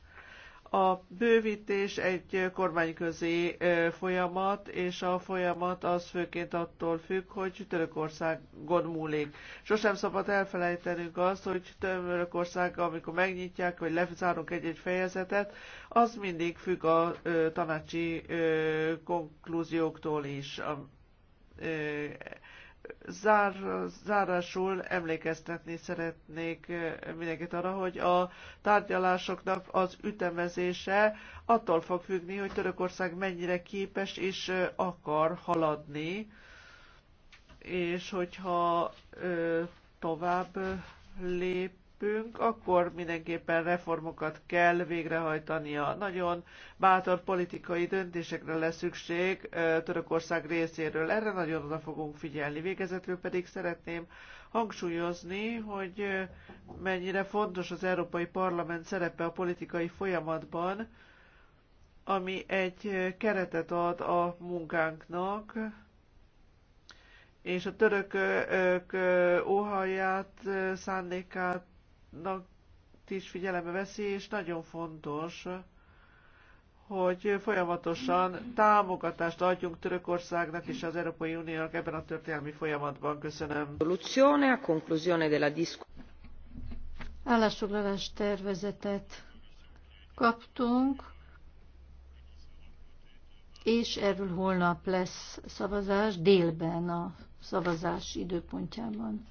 A bővítés egy kormányközi folyamat, és a folyamat az főként attól függ, hogy Törökországon múlik. Sosem szabad elfelejtenünk azt, hogy Törökország, amikor megnyitják, vagy lezárunk egy-egy fejezetet, az mindig függ a tanácsi konklúzióktól is zár, zárásul emlékeztetni szeretnék mindenkit arra, hogy a tárgyalásoknak az ütemezése attól fog függni, hogy Törökország mennyire képes és akar haladni, és hogyha tovább lép, lépünk, akkor mindenképpen reformokat kell végrehajtania. Nagyon bátor politikai döntésekre lesz szükség Törökország részéről. Erre nagyon oda fogunk figyelni. Végezetül pedig szeretném hangsúlyozni, hogy mennyire fontos az Európai Parlament szerepe a politikai folyamatban, ami egy keretet ad a munkánknak, és a törökök óhaját, szándékát is figyelembe veszi, és nagyon fontos, hogy folyamatosan támogatást adjunk Törökországnak és az Európai Uniónak ebben a történelmi folyamatban. Köszönöm. a conclusione della Állásfoglalás tervezetet kaptunk, és erről holnap lesz szavazás délben a szavazás időpontjában.